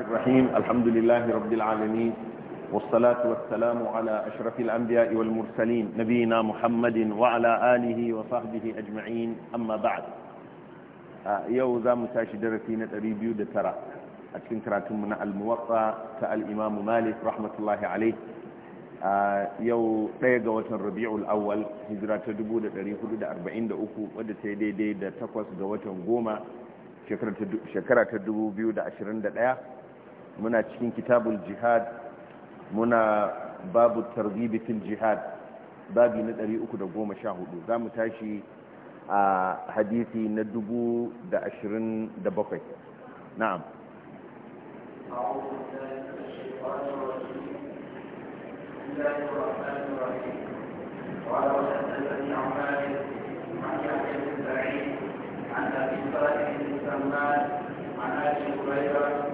الرحيم الحمد لله رب العالمين والصلاة والسلام على أشرف الأنبياء والمرسلين نبينا محمد وعلى آله وصحبه أجمعين أما بعد يوزا متاشي درسينة ريبيو دترا أتكن من الموقع كالإمام مالك رحمة الله عليه yau ɗaya ga watan rabi'ul awwal hijira ta 443 wadda ta yi daidai da takwas ga watan goma shekara ta 2021 muna cikin kitabul jihad muna babu targhibi fil jihad babi na 314 zamu tashi a hadisi na 227 na'am أعوذ بالله من الشيطان الرجيم بسم الله الرحمن الرحيم قال وحدثني عن مالك عن بن عن ابي صالح بن عن ابي هريره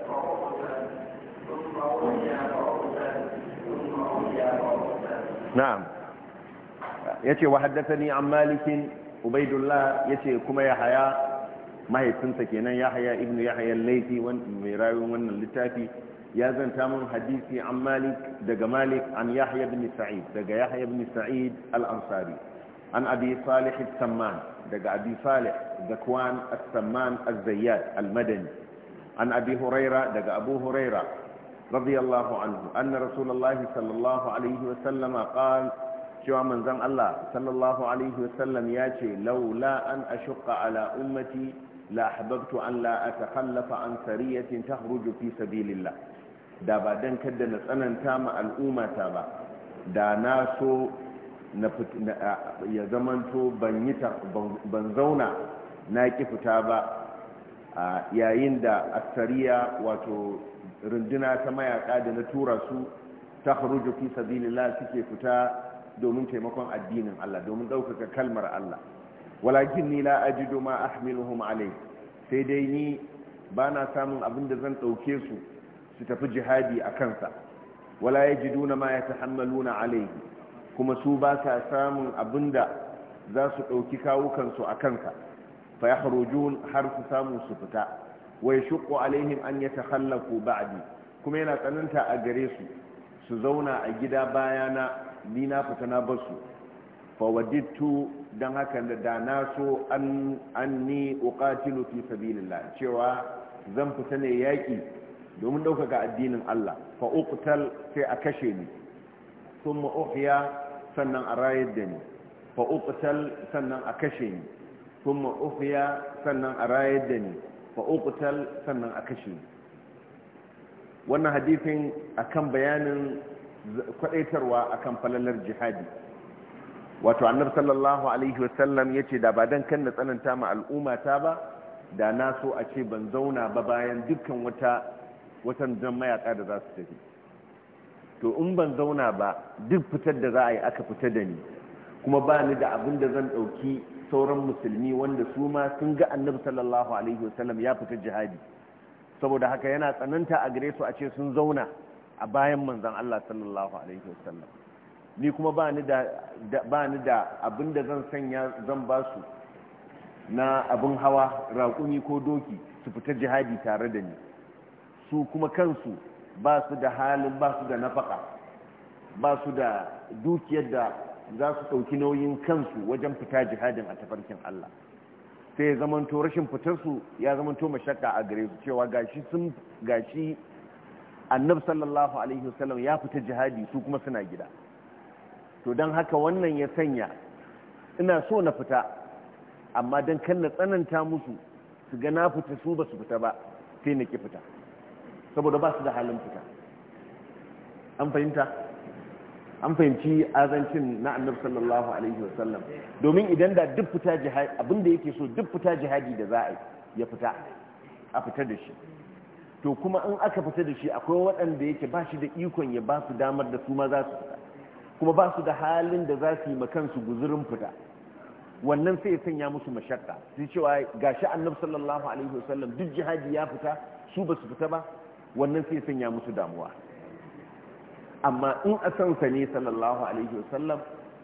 na'am yace wa ni an malikin ubaidullah yace kuma ya haya mahaifinsa kenan ya haya ibn laifi al-laythi mai rayuwar wannan littafi ya zanta min hadisi an malik daga malik an yahya ibn sa'id daga yahya ibn sa'id al-ansari an abi salih al-samman daga abi salih zakwan al-samman al-zayyad al-madani an abi huraira daga abu huraira رضي الله عنه أن رسول الله صلى الله عليه وسلم قال شو من زن الله صلى الله عليه وسلم ياتي لولا أن أشق على أمتي لأحببت أن لا أتخلف عن سرية تخرج في سبيل الله da ba don kada na tsananta ma al'ummata ba da na so ya zamanto ban zauna na ƙi fita ba yayin da asariya wato runduna ta mayaka da na tura su ta kharuju fi sabilillah suke fita domin taimakon addinin Allah domin ɗaukaka kalmar Allah walakin ni la ajidu ma ahmiluhum alayhi sai dai ni bana samun abin da zan ɗauke su su tafi jihadi a kansa wala yajiduna ma yatahammaluna alayhi kuma su ba sa samun abin da za su ɗauki kawukansu a kansa fa yakhrujun har su samu su fita wa yashqu alaihim an yatakhallafu ba'di kuma yana tsananta a gare su su zauna a gida bayana ni na fita na basu fa wadittu dan haka da na so an ni uqatilu fi sabilillah cewa zan fita ne yaki domin ɗaukaka addinin Allah fa uqtal sai a kashe ni thumma uhya sannan a rayar da ni fa uqtal sannan a kashe ni thumma uhya sannan a rayar da ni fa sannan a kashe wannan hadisin akan bayanin kwadaitarwa akan falalar jihadi wato annab sallallahu alaihi wasallam ya ce da ba don kan na tsananta ma al'umma ta ba da na so a ce ban zauna ba bayan dukkan wata watan zan mayaka da za su tafi to in ban zauna ba duk fitar da za a yi aka fita da ni kuma ba ni da abin da zan ɗauki sauran musulmi wanda su ma sun ga annabi sallallahu alaihi wasallam ya fita jihadi saboda haka yana tsananta a gare su a ce sun zauna a bayan manzon Allah sallallahu alaihi wasallam ni kuma ba ni da ba ni da abinda zan sanya zan ba su na abin hawa raƙumi ko doki su fita jihadi tare da ni su kuma kansu ba su da halin ba su da nafaka ba su da dukiyar da za su ɗauki nauyin kansu wajen fita jihadin a tafarkin Allah sai ya zamanto rashin fitarsu ya zamanto mashaka a gare su cewa gashi sun gashi annab sallallahu alaihi wasallam ya fita jihadi su kuma suna gida to don haka wannan ya sanya ina so na fita amma don kan na tsananta musu su ga na fita su ba su fita ba sai na ki fita saboda ba su da halin fita an fahimta an fahimci azancin na annabi sallallahu alaihi wasallam domin idan da duk fita jihadi abinda yake so duk fita jihadi da za a ya fita a fita da shi to kuma in aka fita da shi akwai waɗanda yake ba shi da ikon ya ba su damar da su ma za su fita kuma ba su da halin da za su yi su guzurin fita wannan sai ya sanya musu mashakka sai cewa gashi annabi sallallahu alaihi wasallam duk jihadi ya fita su ba su fita ba wannan sai ya sanya musu damuwa amma in a san sa ne sallallahu alaihi wasallam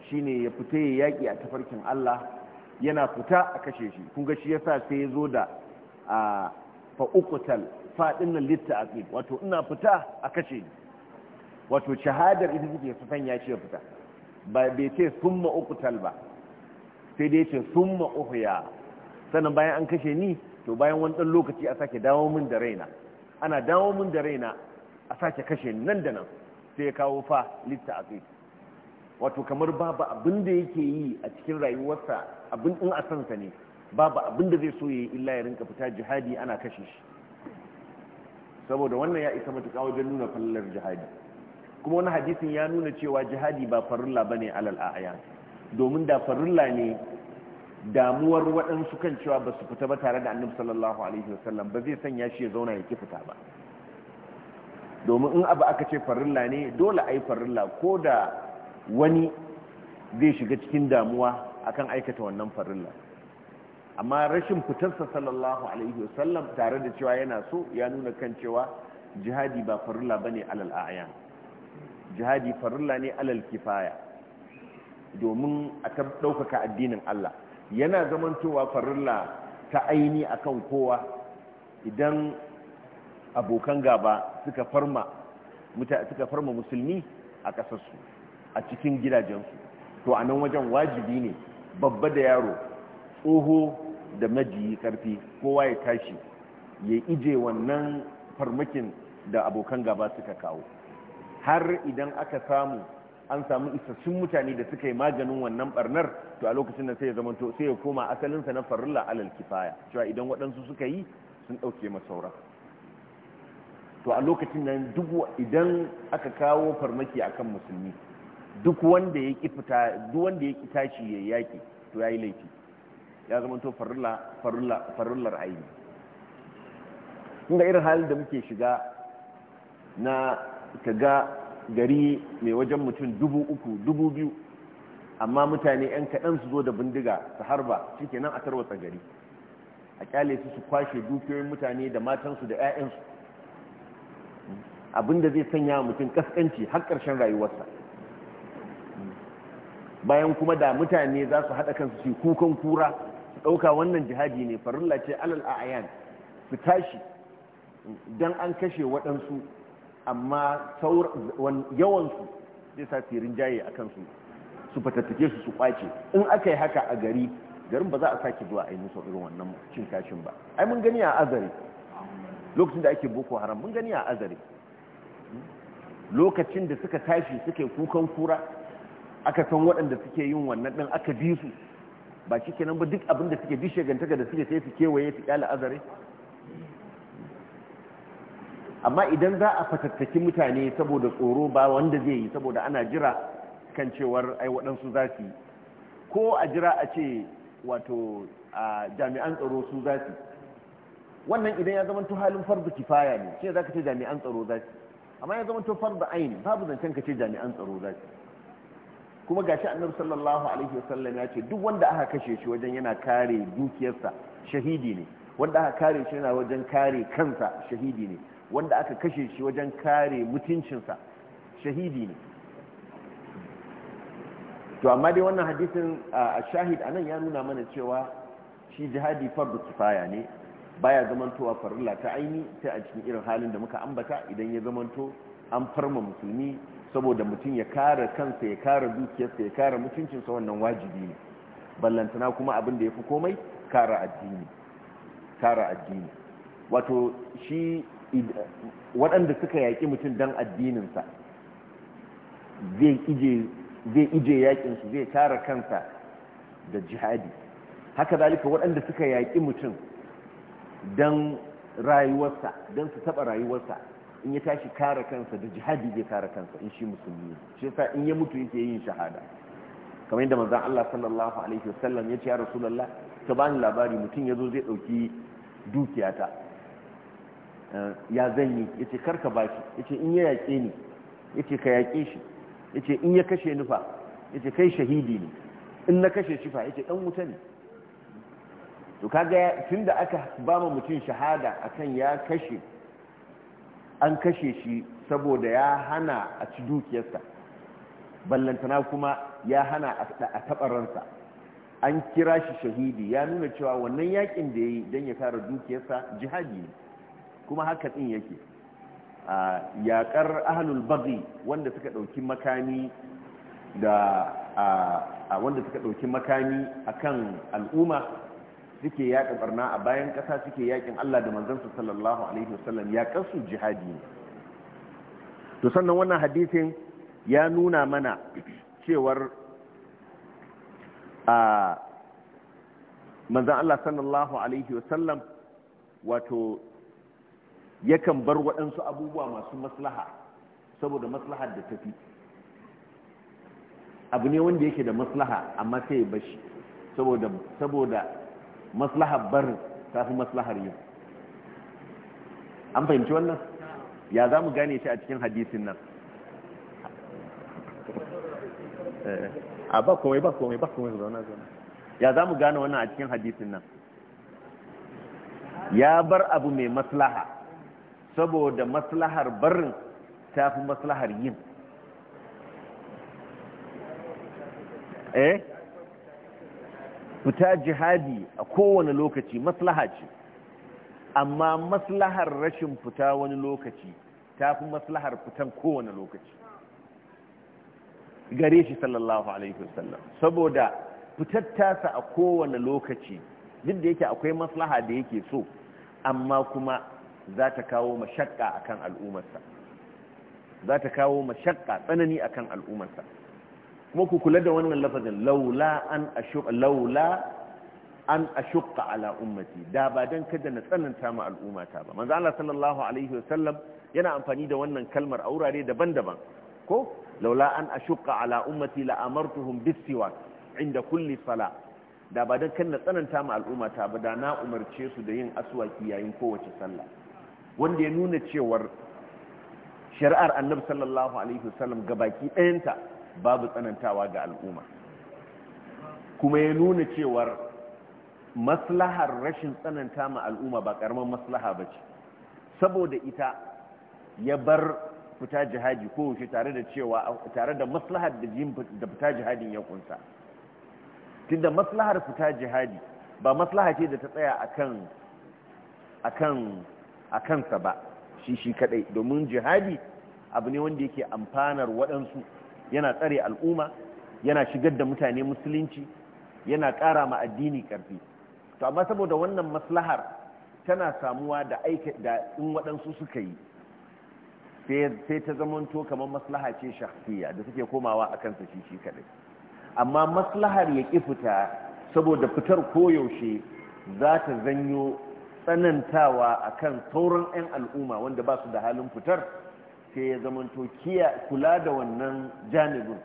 shine ya fita ya yaki a tafarkin Allah yana fita a kashe shi kun ga shi yasa sai ya zo da fa uqtal fa litta wato ina fita a kashe ni wato shahadar ita take su sanya shi ya fita ba bai ce summa uqtal ba sai dai ce summa uhya sanan bayan an kashe ni to bayan wani dan lokaci a sake dawo min da raina ana dawo min da raina a sake kashe nan da nan sai ya kawo fa litta'aqib wato kamar babu abin da yake yi a cikin rayuwarsa abin in a sansa ne babu abin da zai so yi illa ya rinka fita jihadi ana kashe shi saboda wannan ya isa matuƙa wajen nuna fallar jihadi kuma wani hadisin ya nuna cewa jihadi ba farilla ne alal aya domin da farilla ne damuwar waɗansu kan cewa ba su fita ba tare da annabi sallallahu alaihi wasallam ba zai sanya shi ya zauna ya ki fita ba domin in abu aka ce farilla ne dole a yi farilla ko da wani zai shiga cikin damuwa akan aikata wannan farilla amma rashin fitarsa sallallahu alaihi wasallam tare da cewa yana so ya nuna kan cewa jihadi ba farilla ba ne alal ayan jihadi farilla ne alal kifaya domin a ɗaukaka addinin Allah yana zamantowa farilla ta aini akan kowa idan abokan gaba suka farma suka farma musulmi a ƙasarsu a cikin gidajensu to a nan wajen wajibi ne babba da yaro tsoho da majiyi karfi kowa ya tashi ya ije wannan farmakin da abokan gaba suka kawo har idan aka samu an samu isassun mutane da suka yi maganin wannan barnar to a lokacin da sai ya zama to sai ya koma asalinsa na farilla alal kifaya cewa idan waɗansu suka yi sun ɗauke masauran to a lokacin nan duk idan aka kawo farmaki akan musulmi duk wanda ya ki fita duk wanda ya ki tashi ya yaki to yayi laifi ya zama to farilla farilla farillar aini kun irin halin da muke shiga na kaga gari mai wajen mutum dubu uku dubu biyu amma mutane 'yan kaɗan su zo da bindiga su harba shi nan a tarwatsa gari a ƙyale su su kwashe dukiyoyin mutane da matansu da 'ya'yansu abinda zai sanya mutum kaskanci har ƙarshen rayuwarsa bayan kuma da mutane za su haɗa kansu su kukan kura su ɗauka wannan jihadi ne farilla ce alal ayan su tashi don an kashe waɗansu amma yawansu zai sa tirin jaye a kansu su fatattake su su kwace in aka yi haka a gari garin ba za a sake zuwa a yi musu wannan cin kashin ba ai mun gani a azari lokacin da ake boko haram mun gani a azare lokacin da suka tashi suke kukan kura aka san waɗanda suke yin wannan ɗin aka bi su ba shi kenan ba duk abinda suke bi shagantaka da suke sai su kewaye su ƙyala azare amma idan za a fatattaki mutane saboda tsoro ba wanda zai yi saboda ana jira kan cewar ai waɗansu za su yi ko a jira a ce wato jami'an tsaro su za su yi wannan idan ya zama halin fardu kifaya ne sai za ka ce jami'an tsaro za su amma ya zama fardu ayin babu zancen ka ce jami'an tsaro za kuma gashi annabi sallallahu alaihi wasallam ya ce duk wanda aka kashe shi wajen yana kare dukiyarsa shahidi ne wanda aka kare shi yana wajen kare kansa shahidi ne wanda aka kashe shi wajen kare mutuncinsa shahidi ne to amma dai wannan hadisin a shahid anan ya nuna mana cewa shi jihadi fardu kifaya ne baya zamantowa farilla ta aini sai a cikin irin halin da muka ambata idan ya zamanto an farma musulmi saboda mutum ya kare kansa ya kare dukiyarsa ya kare mutuncinsa wannan wajibi ne ballantana kuma abin da ya fi komai kare addini kare addini wato shi waɗanda suka yaƙi mutum don addininsa zai ije yaƙinsu zai kare kansa da jihadi haka zalika waɗanda suka yaƙi mutum don rayuwarsa don su taɓa rayuwarsa in ya tashi kare kansa da jihadi zai kare kansa in shi musulmi shi yasa in ya mutu yake yin shahada kamar yadda manzon Allah sallallahu alaihi wasallam ya ce ya rasulullah ka bani labari mutum yazo zai dauki dukiyata eh, ya zan yi yace kar ka bashi yace in ya yake ni yace ka yake shi yace in ya kashe ni fa yace kai shahidi ne in na kashe shi fa yace dan wuta ne to kaga tunda aka ba mu mutum shahada akan ya kashe an kashe shi saboda ya hana a ci dukiyarsa ballantana kuma ya hana a tabararsa an kira shi shahidi ya nuna cewa wannan yakin da ya yi don ya kara dukiyarsa jihadi ne kuma haka ɗin yake a yaƙar ahalul bagi wanda suka ɗauki makami da a wanda suka ɗauki makami akan al'umma suke yaƙi barna a bayan ƙasa suke yaƙin Allah da manzansa sallallahu alaihi wasallam ya kasu jihadi ne to sannan wannan hadisin ya nuna mana cewar a manzan Allah sallallahu alaihi wasallam wato yakan bar waɗansu abubuwa masu maslaha saboda maslahar da tafi abu ne wanda yake da maslaha amma sai ya bashi saboda maslahar barin ta fi maslahar yin an fahimci wannan ya za mu gane shi a cikin hadisin nan eh. a ba komai ba komai ba komai ya za mu gane wannan a cikin hadisin nan ya bar abu mai maslaha saboda maslahar barin ta fi maslahar yin eh fita jihadi a kowane lokaci maslaha ce amma maslahar rashin fita wani lokaci ta fi maslahar fitan kowane lokaci gare shi sallallahu alaihi wasallam saboda fitar a kowane lokaci duk da yake akwai maslaha da yake so amma kuma za ta kawo mashakka akan al'ummarsa za ta kawo mashakka tsanani akan al'ummarsa kuma ku kula da wannan lafazin laula an ashuqa laula an ashuqa ala ummati da ba dan kada na tsananta ma ta ba manzo Allah sallallahu alaihi wasallam yana amfani da wannan kalmar a wurare daban-daban ko laula an ashuqa ala ummati la amartuhum bis-siwak inda kulli sala da ba dan kan na tsananta ma al'ummata ba da na umarce su da yin aswaki yayin kowace sallah wanda ya nuna cewar shari'ar annabi sallallahu alaihi wasallam gabaki ɗayanta babu tsanantawa ga al'umma kuma ya nuna cewar maslahar rashin tsananta ma al'umma ba karamin maslaha ba ce saboda ita ya bar fita jihadi ko shi tare da cewa tare da maslahar da jin da fita jihadin ya kunsa tunda maslahar fita jihadi ba maslaha ce da ta tsaya akan kansa ba shi shi kadai domin jihadi abu ne wanda yake amfanar waɗansu yana tsare al'umma yana shigar da mutane musulunci yana ƙara ma addini ƙarfi to amma saboda wannan maslahar tana samuwa da aika da in waɗansu suka yi sai ta zamanto kamar maslaha ce shakhsiyya da suke komawa a kansa shi shi kaɗai amma maslahar ya ƙi fita saboda fitar koyaushe za ta zanyo tsanantawa akan sauran 'yan al'umma wanda ba su da halin fitar sai ya zamanto kiya kula da wannan janibin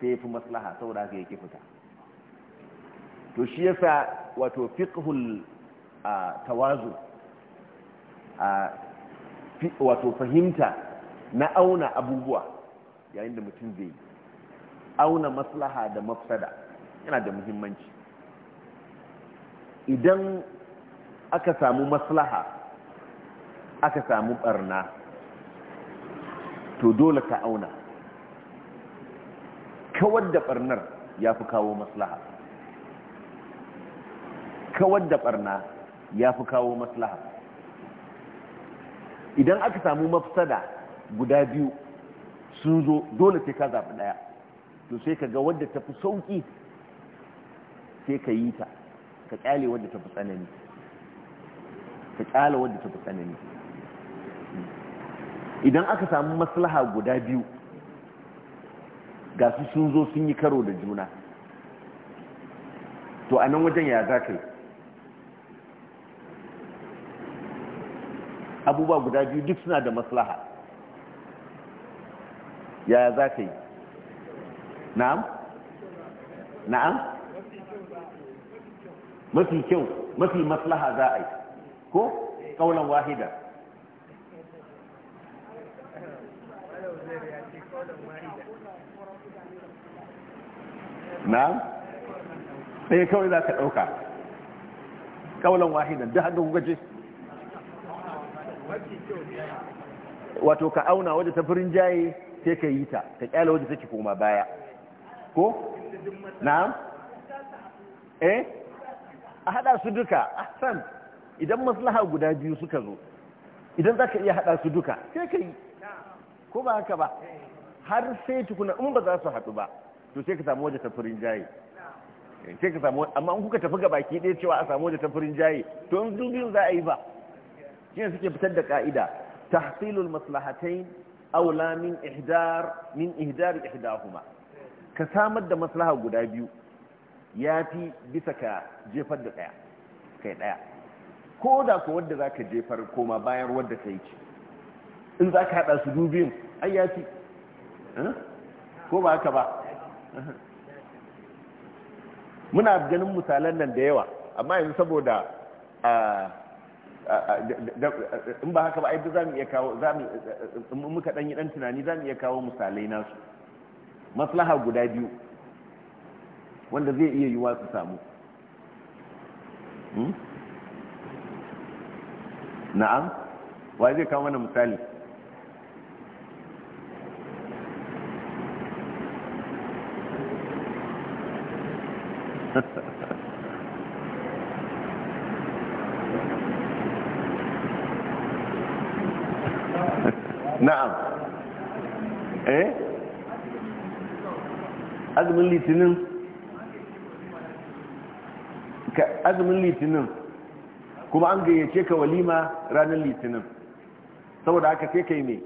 sai ya fi maslaha saboda haka yake fita to shi yasa wato fiqhul tawazu wato fahimta na auna abubuwa yayin da mutum zai auna maslaha da mafsada yana da muhimmanci idan aka samu maslaha aka samu barna to dole ka auna kawar da barnar ya fi kawo maslaha kawar da barna ya fi kawo maslaha idan aka samu mafsada guda biyu sun zo dole sai ka zaɓi ɗaya to sai ka ga wadda ta fi sauƙi sai ka yi ta ka ƙyale wadda ta fi tsanani ka ƙyale wadda ta fi tsanani idan aka samu maslaha guda biyu ga su sun zo sun yi karo da juna to a nan wajen ya za ka yi abubuwa guda biyu duk suna da maslaha ya za ka yi na'am na'am mafi kyau mafi maslaha za a yi ko kaunan wahida na ɗaya kawai za ka ɗauka ƙaunar wahidan da hannun gaje wato ka auna wadda ta firin jaye sai ka yi ta ka ƙyala wadda take koma baya ko? na? eh? a haɗa su duka a san. idan maslaha guda biyu suka zo idan za ka iya haɗa su duka sai ka yi ko ba haka ba har sai tukuna in ba za su haɗu ba to sai ka samu waje ta furin jaye sai ka samu amma in kuka tafi ga baki ɗaya cewa a samu waje ta furin jaye to in dubiyun za a yi ba shi ne suke fitar da ka'ida tahsilul maslahatain aula min ihdar min ihdar ihdahuma ka samar da maslaha guda biyu yafi bisa ka jefar da daya kai daya ko da ko wanda zaka jefar koma bayan wanda kai ci in zaka hada su dubin ai yafi ko ba haka ba muna ganin misalan nan da yawa amma yanzu saboda in ba haka ba ai za mu iya kawo za muka dan yi dan tunani za mu iya kawo misalai nasu maslaha guda biyu wanda zai iya yiwa su samu hmm? na'am wa zai kawo mana misali azumin litinin azumin litinin kuma an gayyace ka walima ranar litinin saboda haka sai kai mai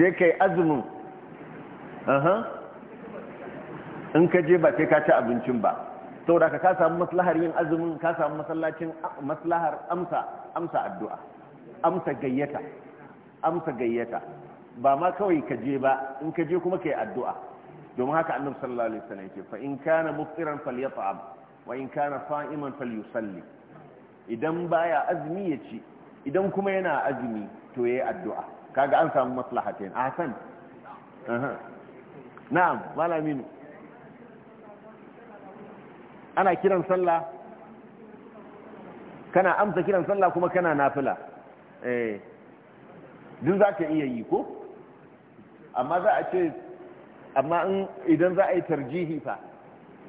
sai kai azumin in ka je ba sai ka ci abincin ba saboda ka samu maslahar yin azumin ka samu masallacin maslahar amsa amsa addu'a amsa gayyata amsa gayyata ba ma kawai ka je ba in ka je kuma ka yi addu'a domin haka annab sallallahu alaihi wasallam yake fa in kana muftiran falyat'am wa in kana sa'iman falyusalli idan baya azumi ya ci idan kuma yana azumi to yayi addu'a kaga an samu maslahatain ahsan na'am malamin ana kiran sallah kana amsa kiran sallah kuma kana nafila eh duk za ka iya yi ko amma za a ce amma idan za a yi tarjihi fa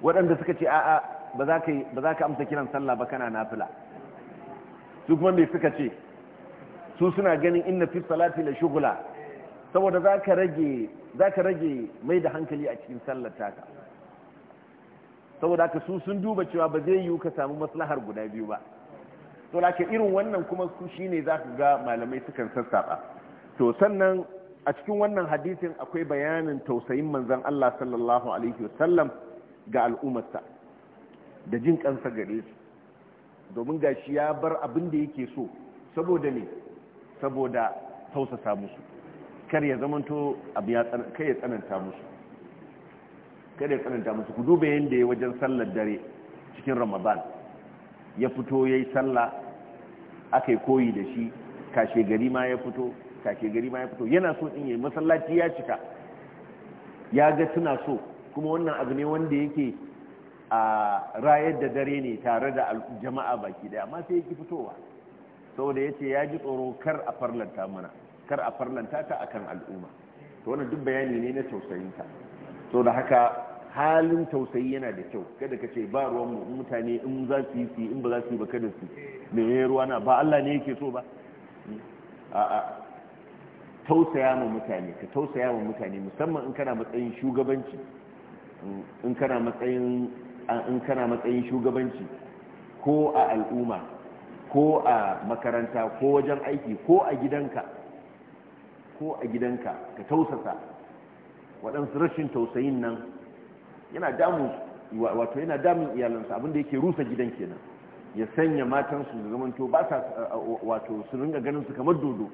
waɗanda suka ce a'a ba za ka amsa kiran sallah ba kana nafila su kuma mai suka ce su suna ganin inna fi salati la shugula saboda za ka rage mai da hankali a cikin sallar taka saboda ka su sun duba cewa ba zai yiwu ka samu maslahar guda biyu ba to lake irin wannan kuma su shine za ka ga malamai sukan sassaɓa to sannan a cikin wannan hadisin akwai bayanin tausayin manzon Allah sallallahu alaihi wasallam ga al'ummarsa da jin kansa gare su domin gashi ya bar abin da yake so saboda ne saboda tausasa musu kar ya zamanto abu ya tsananta musu kar ya tsananta musu ku duba yanda ya wajen sallar dare cikin Ramadan ya fito ya yayi sallah yi koyi da shi kashe gari ma ya fito kashe gari ma ya fito yana so in yi masallaci ya cika ya ga suna so kuma wannan abu ne wanda yake a rayar da dare ne tare da jama'a baki daya amma sai yake fitowa saboda da ya ji tsoro kar a farlanta mana kar a farlanta ta akan al'umma to wannan duk bayani ne na tausayinta to da haka halin tausayi yana da kyau kada ka ce ba ruwan mutane in za su yi in ba za su yi ba kada su ne ruwa na ba Allah ne yake so ba a tausaya ma mutane ka tausaya ma mutane musamman in kana matsayin shugabanci in kana matsayin in kana matsayin shugabanci ko a al'umma ko a makaranta ko wajen aiki ko a gidanka ko a gidanka ka tausasa waɗansu rashin tausayin nan yana damun wato yana damun iyalansa abinda yake rusa gidan kenan ya sanya matansu da zamanto ba sa wato su ringa ganin su kamar dodo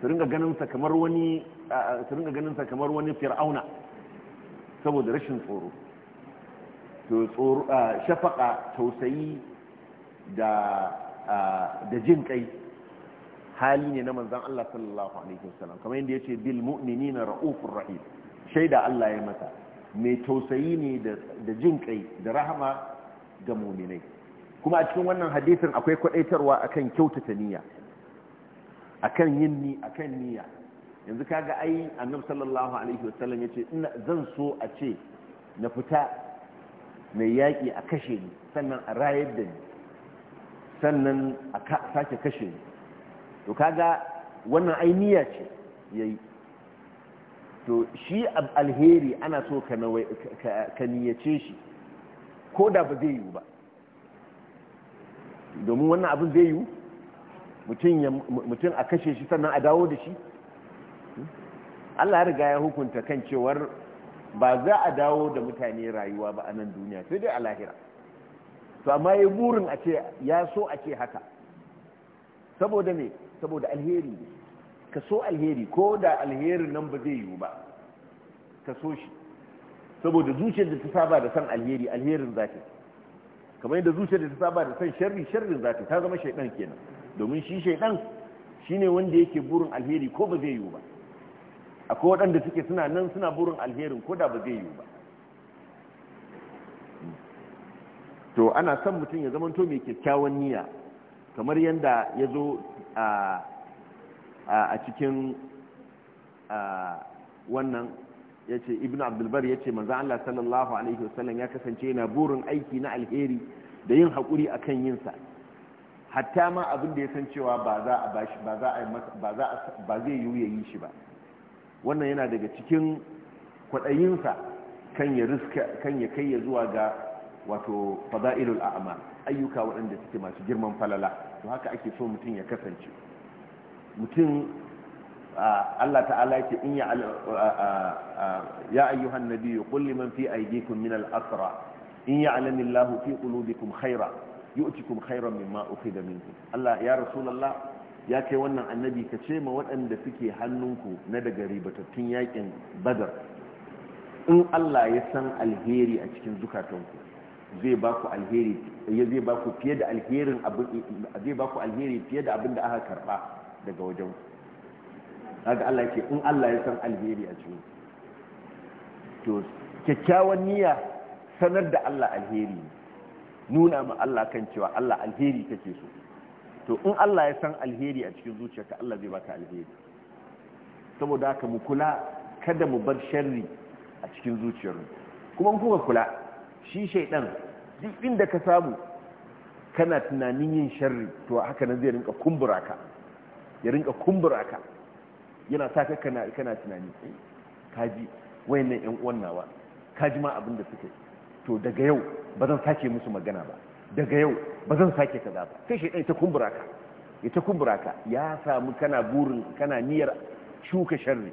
su ringa ganin sa kamar wani su ringa ganin sa kamar wani fir'auna saboda rashin tsoro to tsoro shafaka tausayi da da jin kai hali ne na manzon Allah sallallahu alaihi wasallam kamar yadda yace bil mu'minina ra'ufur rahim shaida Allah ya masa mai tausayi ne da jin kai da rahama ga muminai kuma a cikin wannan hadisin akwai kwadaitarwa akan kyautata niyya akan yin ni akan niyya yanzu kaga ai annabi sallallahu alaihi wasallam yace ina zan so a ce na fita mai yaki a kashe ni sannan a rayar da ni sannan a sake kashe ni to kaga wannan ai niyya ce yayi to shi alheri ana so ka niyace shi ko da ba zai yiwu ba domin wannan abin zai yiwu mutum a kashe shi sannan a dawo da shi allah riga ya hukunta kan cewar ba za a dawo da mutane rayuwa ba a nan duniya sai dai a lahira to amma ya burin a ce ya so a ce haka saboda ne saboda alheri ne ka so alheri ko da alherin nan ba zai yiwu ba ka so shi saboda zuciyar da ta saba da san alheri alherin za ta kamar yadda zuciyar da ta saba da san sharri sharrin za ta ta zama shaidan kenan domin shi shaidan shine wanda yake burin alheri ko ba zai yiwu ba akwai waɗanda suke suna nan suna burin alherin ko da ba zai yiwu ba to ana son mutum ya zamanto mai kyakkyawan niyya kamar yadda ya zo a a cikin wannan ya ce ibn abdulbar ya ce manzan Allah sallallahu alaihi wasallam ya kasance yana burin aiki na alheri da yin haƙuri a kan yinsa hatta ma abin da ya san cewa ba za a zai yiwu ya yi shi ba wannan yana daga cikin kwaɗayinsa kan ya kai ya zuwa ga wato fada'ilul a'amal ayyuka waɗanda suke masu girman falala to haka ake so mutum ya kasance mutum Allah ta'ala yake in ya ya ayyuhan nabiyyu qul liman fi aydikum min al-asra in ya'lamu Allahu fi qulubikum khaira yu'tikum khairan mimma ukhidha minkum Allah ya rasulullah ya kai wannan annabi ka ce ma waɗanda suke hannunku na da daga ribatattun yakin badar in Allah ya san alheri a cikin zukatanku zai ba ku alheri zai ba ku fiye da alherin abin alheri fiye da abin da aka karba daga wajen haka Allah ce in Allah ya san alheri a cikin to kyakkyawan niyya sanar da Allah alheri nuna ma Allah kan cewa Allah alheri kake so to in Allah ya san alheri a cikin zuciyarka Allah zai baka alheri saboda haka mu kula kada mu bar sharri a cikin zuciyarmu kuma in kuma kula shi shaydan duk inda ka samu kana tunanin yin sharri to haka nan zai rinka kumbura ka ya rinka kumbura ka yana sa ka kana kana tunani eh, kaji wayannan yan uwan nawa kaji ma abin da suke to daga yau ba zan sake musu magana ba daga yau ba zan sake kaza ba sai shedan ta kumbura ka ya ta kumbura ka ya samu kana burin kana niyyar shuka sharri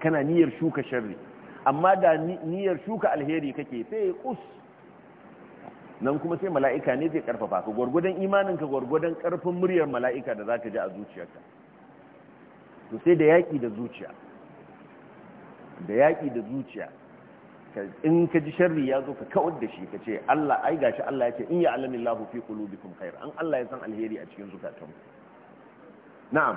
kana niyyar shuka sharri amma da niyyar shuka alheri kake sai kus nan kuma sai mala'ika ne zai karfafa ka gwargwadon imaninka gwargwadon karfin muryar mala'ika da za ka ji a zuciyarka to sai da yaƙi da zuciya da yaƙi da zuciya in ka ji sharri ya zo ka kawar da shi ka ce Allah ai gashi Allah ya ce in ya alamin lahu fi qulubikum khair an Allah ya san alheri a cikin zukatanku na'am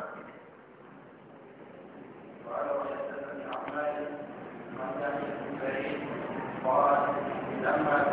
قال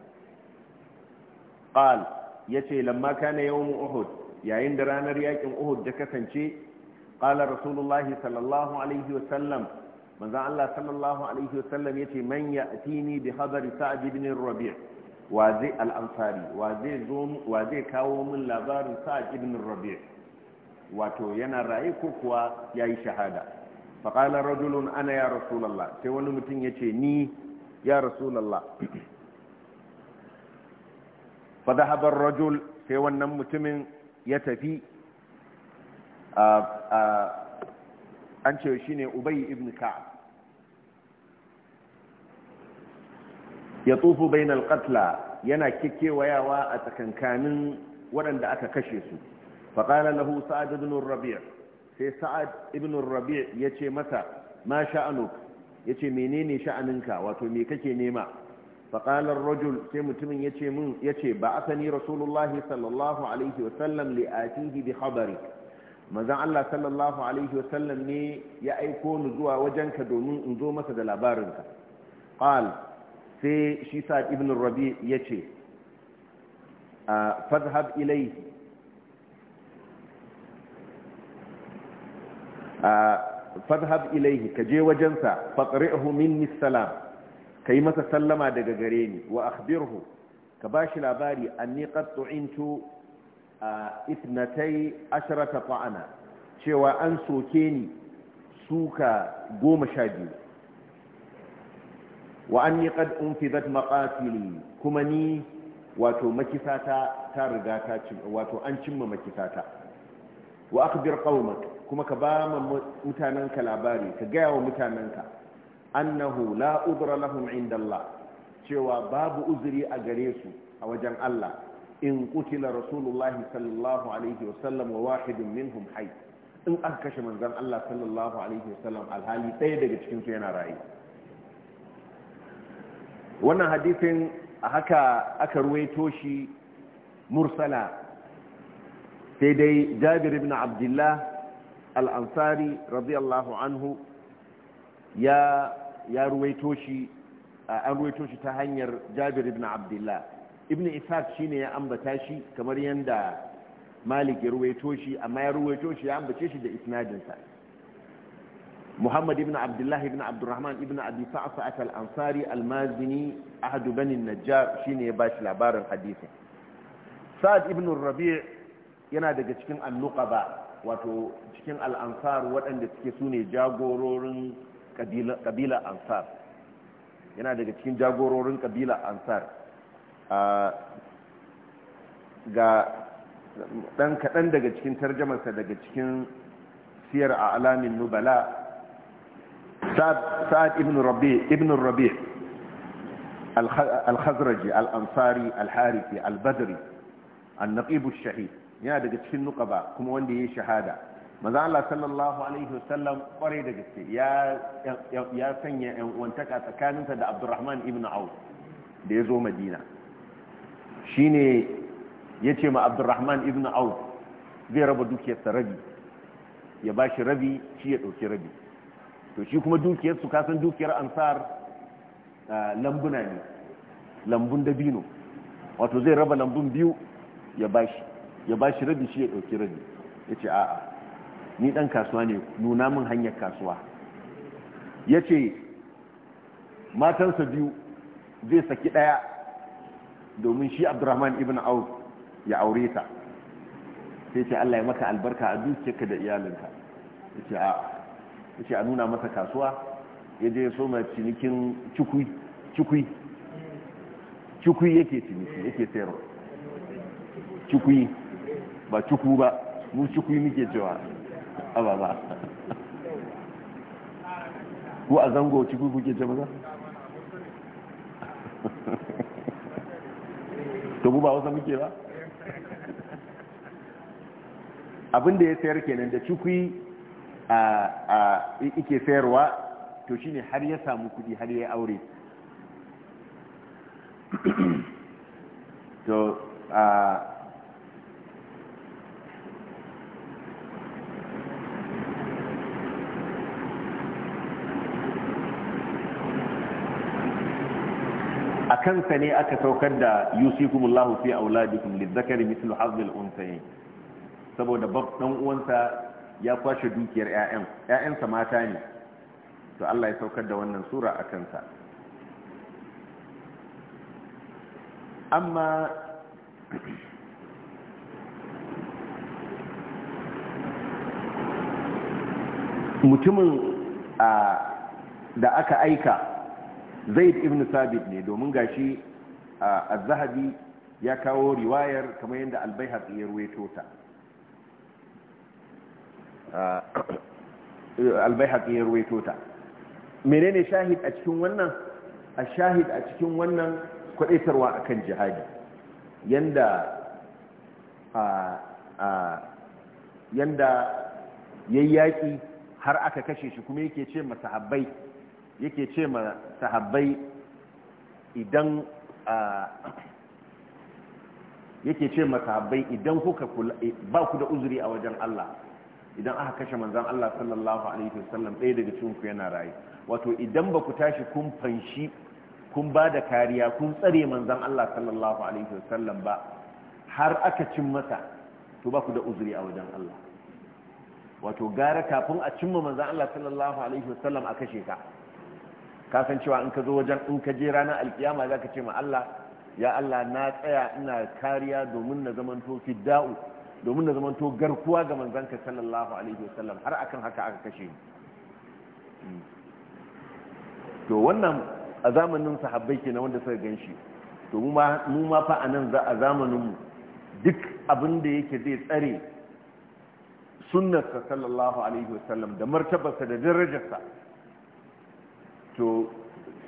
qal yace lamma kana yawm uhud yayin da ranar yakin uhud da kasance qala rasulullah sallallahu alaihi wasallam manzo Allah sallallahu alaihi wasallam yace man ya'tini bi khabari sa'd ibn rabi' wa zai al-ansari wa zai zo wa zai kawo min labarin sa'd ibn rabi' wato yana raye ko kuwa yayi shahada faqala rajulun ana ya rasulullah sai wani mutum yace ni ya fa dhahaba rajul sai wannan mutumin ya tafi an ce shine ubay ibn ka'ab ya tsufu bainal katla yana kikkewayawa a tsakankanin waɗanda aka kashe su faƙala lahu sa'ad ibn rabi' sai sa'ad ibn ya yace masa ma ya yace menene sha'aninka wato me kake nema faƙalar rajul sai mutumin ya ce mun ya ce ba asani rasulullahi sallallahu alaihi wasallam li atihi bi khabari manzan Allah sallallahu alaihi wasallam ne ya aiko ni zuwa wajenka domin in zo masa da labarinka qal sai shi sa ibn rabi ya ce fadhhab ilayhi fadhhab ilayhi ka je wajensa faqri'hu minni salam ka yi masa sallama daga gare ni wa akhbirhu ka ba shi labari anni qad tu'intu ithnatay asharata ta'ana cewa an soke ni suka goma sha biyu wa anni qad unfidat maqatili kuma ni wato makisata ta riga ta cin wato an cimma makisata wa akhbir qaumak kuma ka ba mutananka labari ka ga wa ka. annahu la udra lahum inda Allah cewa babu uzuri a gare su a wajen Allah in kutila rasulullah sallallahu alaihi wasallam wa wahidin minhum hayy in aka kashe manzon Allah sallallahu alaihi wasallam alhali ɗaya daga cikin su yana raye wannan hadisin haka aka ruwaito shi mursala sai dai jabir ibn abdullah al-ansari radiyallahu anhu ya ya ruwaito shi an ruwaito shi ta hanyar jabir ibn abdullah ibn ishaq shine ya ambata shi kamar yanda malik ya ruwaito shi amma ya ruwaito shi ya ambace shi da isnadinsa muhammad ibn abdullah ibn abdurrahman ibn abi sa'sa'at al-ansari al-mazini ahad bani najjar shine ya bashi labarin hadisi sa'ad ibn rabi' yana daga cikin annuqaba wato cikin al-ansar waɗanda suke sune jagororin kabila ansar yana daga cikin jagororin kabila ansar ga ɗan kaɗan daga cikin tarjamarsa daga cikin siyar a alamin nubala sa'ad ibn rabi ibn rabi al-khazraji al-ansari al-harifi al-badri an-naqib ash-shahid yana daga cikin nuqaba kuma wanda yi shahada maza Allah sallallahu alaihi wasallam kwarai da gaske ya sanya yan wantaka tsakaninsa da abdulrahman ibn Auf da ya zo Madina shine yace ma abdulrahman ibn Auf zai raba dukiyarsa rabi ya bashi rabi shi ya dauki rabi to shi kuma dukiyarsu kasan dukiyar ansar lambuna ne lambun dabino wato zai raba lambun biyu ya bashi ya bashi rabi shi ya dauki rabi yace a'a ni dan kasuwa ne nuna min hanyar kasuwa yace ce matansa biyu zai saki ɗaya domin shi abdurrahman ibn auf ya aure ta sai ce allah ya maka albarka a dukiyarka da iyalinka ya a nuna masa kasuwa ya je soma cinikin cikui cikui cikui yake ciniki yake sayarwa cikui ba cikui ba mu cikui muke cewa aba ba ko a zango cikin kuke ce maza to ba wasa muke ba abinda ya sayar kenan da cikui a ike sayarwa to shine har ya samu kudi har ya aure to a kansa ne aka saukar da yusufullahu fi auladikum lizakari mithlu hazzil unsayin saboda bab dan uwansa ya kwashe dukiyar ƴaƴan sa mata ne to Allah ya saukar da wannan sura a kansa amma mutumin ah, da aka aika zaid ibn sabit ne domin gashi az-zahabi ya kawo riwayar kamar yadda al-baihaqi ya ruwaito ta al-baihaqi ya ruwaito ta menene shahid a cikin wannan ash-shahid a cikin wannan kwadaitarwa akan jihadi yanda yanda yayyaki har aka kashe shi kuma yake ce masahabbai yake ce ma sahabbai idan yake ce ma sahabbai idan kuka ba ku da uzuri a wajen Allah idan aka kashe manzon Allah sallallahu alaihi wasallam ɗaya daga cikin ku yana raye wato idan ba ku tashi kun fanshi kun ba da kariya kun tsare manzon Allah sallallahu alaihi wasallam ba har aka cin masa to ba ku da uzuri a wajen Allah wato gara kafin a cimma manzan Allah sallallahu Alaihi wasallam a kashe ka ka san cewa in ka zo wajen in ka je ranar alkiyama za ka ce ma Allah ya Allah na tsaya ina kariya domin na zamanto fidda'u domin na to garkuwa ga manzanka sallallahu alaihi wasallam har akan haka aka kashe ni to wannan a zamanin sahabbai na wanda suka ganshi to mu ma fa nan za a zamanin mu duk abin da yake zai tsare sunnarsa sallallahu alaihi wasallam da martabarsa da darajarsa to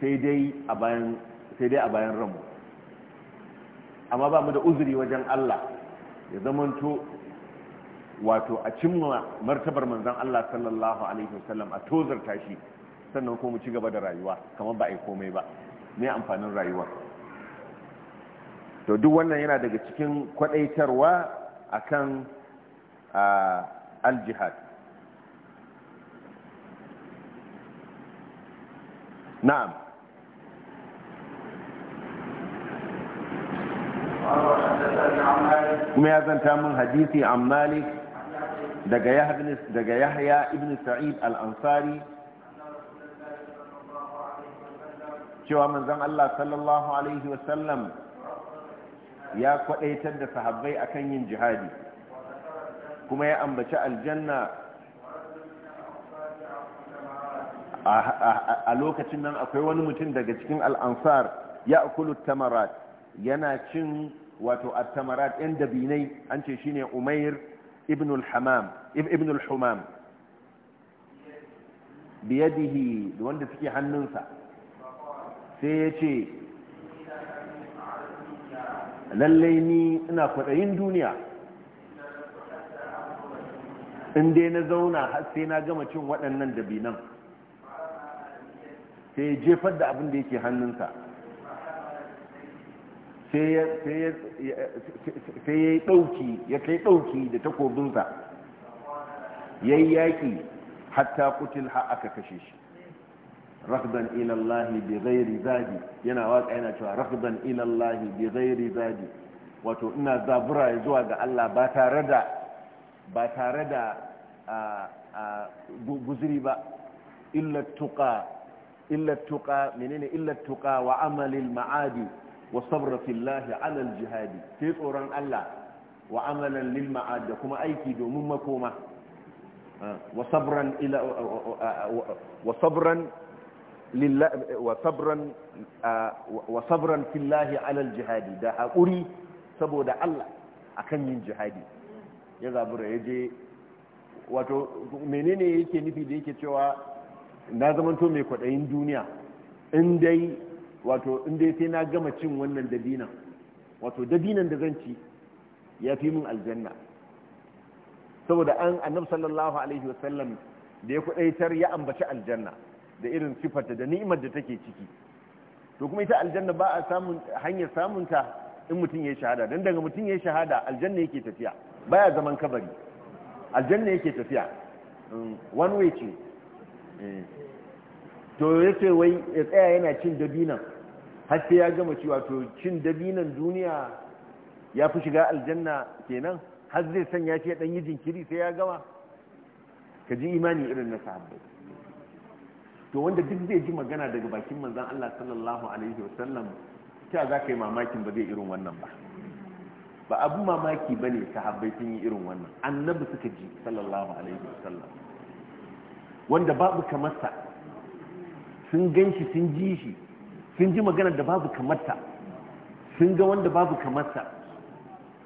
sai dai a bayan ramu amma ba mu da uzuri wajen Allah ya zamanto wato a cimma martabar manzan Allah sallallahu alaihi wasallam a tozar tashi sannan ko mu ci gaba da rayuwa kamar ba a yi komai ba mai amfanin rayuwar to duk wannan yana daga cikin kwadaitarwa akan kan aljihad. na'am kuma ya zanta min hadisi an daga yahya ibn sa'id al-ansari cewa manzon Allah sallallahu alaihi wasallam ya kwadaitar da sahabbai akan yin jihadi kuma ya ambaci aljanna a lokacin nan akwai wani mutum daga cikin al'ansar ya akulu tamarat yana cin wato a tamarat yan dabinai an ce ne umair ibn al-hamam ibn wanda suke hannunsa sai ya ce lallai ni ina kwaɗayin duniya in dai na zauna har sai na gama cin waɗannan dabinan sai ya jefar da abin da yake hannunsa sai ya ɗauki ya kai ɗauki da takobinsa ya yi yaƙi hatta kutil ha aka kashe shi rahdan ilallahi bi ghairi yana waka yana cewa rahdan ilallahi bi ghairi wato ina zabura zuwa ga Allah ba tare da ba tare da guzuri ba illa tuqa إلا التقى منين إلا التقى وعمل المعاد وصبر في الله على الجهاد في قرآن الله وعملا للمعاد كما أيكي دوم مكومة آه، وصبرا إلى آه، آه، وصبرا لله وصبرا وصبرا في الله على الجهاد ده أري سبود الله أكن من جهادي يا غبر يجي وتو منين يجي نفيد يجي na zamanto mai kwaɗayin duniya in dai wato in dai sai na gama cin wannan dabinan wato dabinan da zan ci ya fi min aljanna saboda an annab sallallahu alaihi wasallam da ya kudaitar ya ambaci aljanna da irin sifarta da ni'imar da take ciki to kuma ita aljanna ba a samun hanyar samunta in mutum ya shahada Don daga mutum ya shahada aljanna yake tafiya baya zaman kabari aljanna yake tafiya mm, one way ce to ya ce wai ya tsaya yana cin dabinan har sai ya gama cewa to cin dabinan duniya ya fi shiga aljanna kenan har zai ya ce dan yi jinkiri sai ya gama ka ji imani irin na sahabbai to wanda duk zai ji magana daga bakin manzan Allah sallallahu alaihi wasallam ta za ka yi mamakin ba zai irin wannan ba ba abu mamaki ba ne sahabbai sun yi irin wannan annabi suka ji sallallahu alaihi wasallam wanda babu kamarsa sun gan shi sun ji shi sun ji magana da babu kamarta sun ga wanda babu kamarsa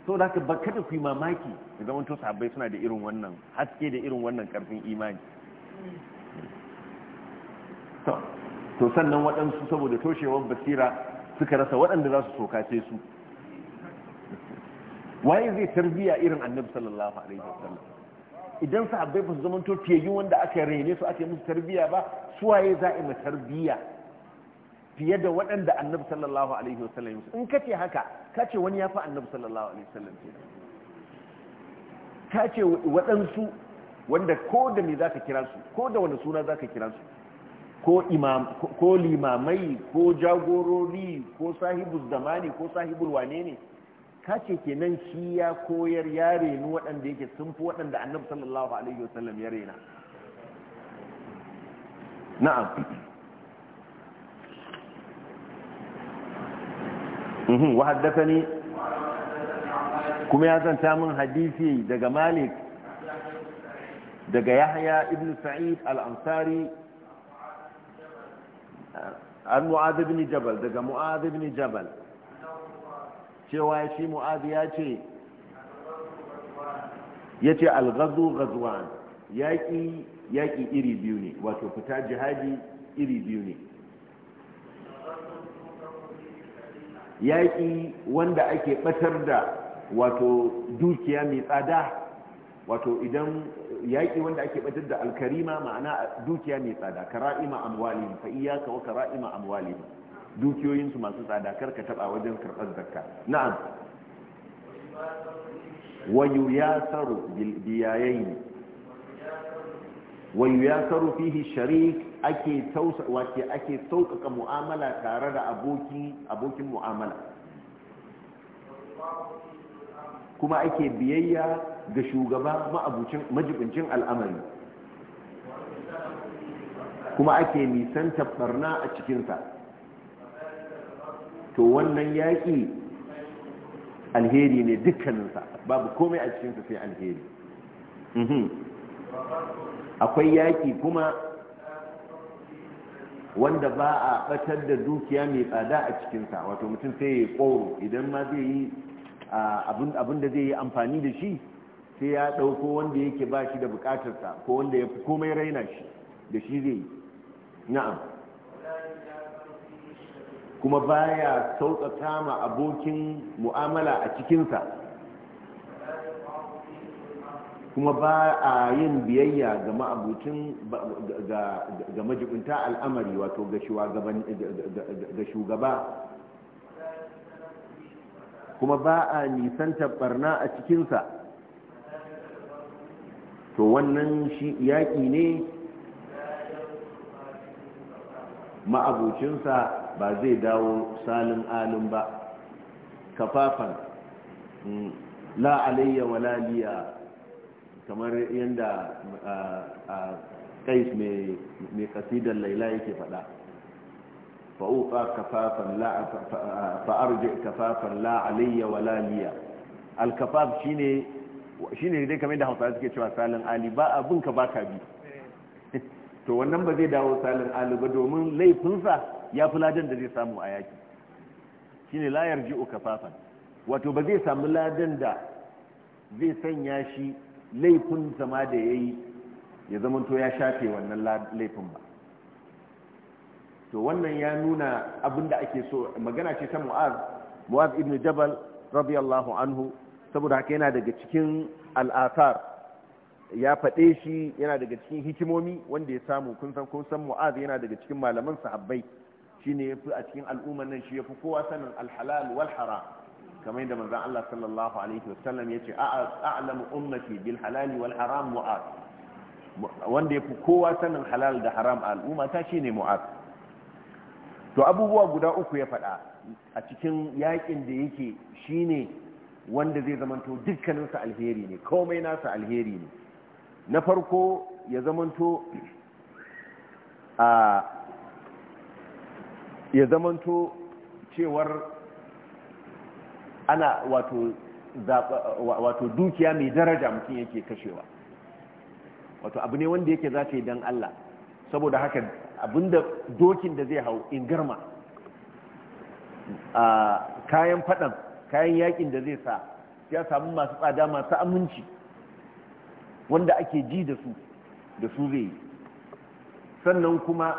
so da haka kada ku yi mamaki da zaman to sahabbai suna da irin wannan haske da irin wannan karfin imani to sannan waɗansu saboda toshewar basira suka rasa waɗanda za su sokace su waye zai tarbiya irin annabi sallallahu alaihi wasallam idan sahabbai ba su zama to fiyayyun wanda aka rene su ake yi musu tarbiyya ba suwaye za a yi tarbiyya fiye da waɗanda annabi sallallahu alaihi wasallam in ka ce haka ka ce wani ya fi annabi sallallahu alaihi wasallam ka ce waɗansu wanda ko da me za ka kira su ko da wani suna za ka kira su ko limamai ko jagorori ko sahibul zamani ko sahibul wane ne ka ce kenan shi ya koyar ya reni waɗanda yake sun fi waɗanda annabi sallallahu alaihi wasallam ya rena na'am mhm, wa haddathani kuma ya zanta min hadisi daga malik daga yahya ibn sa'id al-ansari an mu'adh ibn jabal daga mu'adh ibn jabal cewa shi mu'azi ya ce ya ce algazu gazuwan yaƙi yaƙi iri biyu ne wato fita jihadi iri biyu ne yaƙi wanda ake ɓatar da wato dukiya mai tsada wato idan yaƙi wanda ake batar da alkarima ma'ana dukiya mai tsada kara'ima amwalihim fa iyaka wa kara'ima amwalihim dukiyoyinsu masu tsada kar ka taba wajen karɓar zakka na'am wayu ya saru biyayayi wayu ya saru fihi sharik ake tausa wace ake sauƙaƙa mu'amala tare da abokin abokin mu'amala kuma ake biyayya ga shugaba ma'abucin majibincin al'amari kuma ake nisan tabbarna a cikinsa to wannan yaƙi alheri ne dukkaninsa babu komai a cikinsa sai alheri mhm. akwai yaƙi kuma wanda ba a ɓatar da dukiya mai tsada a cikinsa wato mutum sai ya ƙoro idan ma zai yi abin da zai yi amfani da shi sai ya ɗauko wanda yake ba shi da buƙatarsa ko wanda ya fi komai raina shi da shi zai yi na'am kuma baya sauƙaƙa ma abokin mu'amala a cikinsa kuma ba a yin biyayya ga ma'abucin ga majibinta al'amari wato ga shugaba kuma ba a nisan barna a cikinsa to wannan shi yaƙi ne ma'abucinsa ba zai dawo salin alin ba kafafan mm, la alayya wala liya kamar yadda kais mai kasidar laila yake fada fa'uka kafafan la fa'arji kafafan la alayya wala liya alkafaf shine shine dai kamar da hausa suke cewa salin ali ba abun ka baka bi eh. to wannan ba zai dawo salin ali ba domin laifinsa ya fi ladan da zai samu a yaki shine layar yarji'u kafafan wato ba zai samu ladan da zai sanya shi laifin sama da ya yi ya zama to ya shafe wannan laifin ba to wannan ya nuna abinda ake so magana ce ta mu'az mu'az ibn jabal radiyallahu anhu saboda haka yana daga cikin al'asar ya faɗe shi yana daga cikin hikimomi wanda ya samu kun san kun san mu'az yana daga cikin malaman sahabbai shine yafi a cikin al'ummar nan shi fi kowa sanin alhalal wal haram kamar yadda manzon Allah sallallahu alaihi wasallam yace a'lamu ummati bil halal wal haram mu'ad wanda yafi kowa sanin halal da haram a al'umma ta shine mu'ad to abubuwa guda uku ya faɗa a cikin yakin da yake shine wanda zai zamanto dukkaninsa alheri ne komai nasa alheri ne na farko ya zamanto a ya zamanto cewar ana wato wato dukiya mai daraja mutum yake kashewa wato abu ne wanda yake za ta yi don Allah saboda haka abinda dokin da zai hau in garma kayan fadan kayan yakin da zai sa ya samu masu tsada masu aminci wanda ake ji da su da su zai yi sannan kuma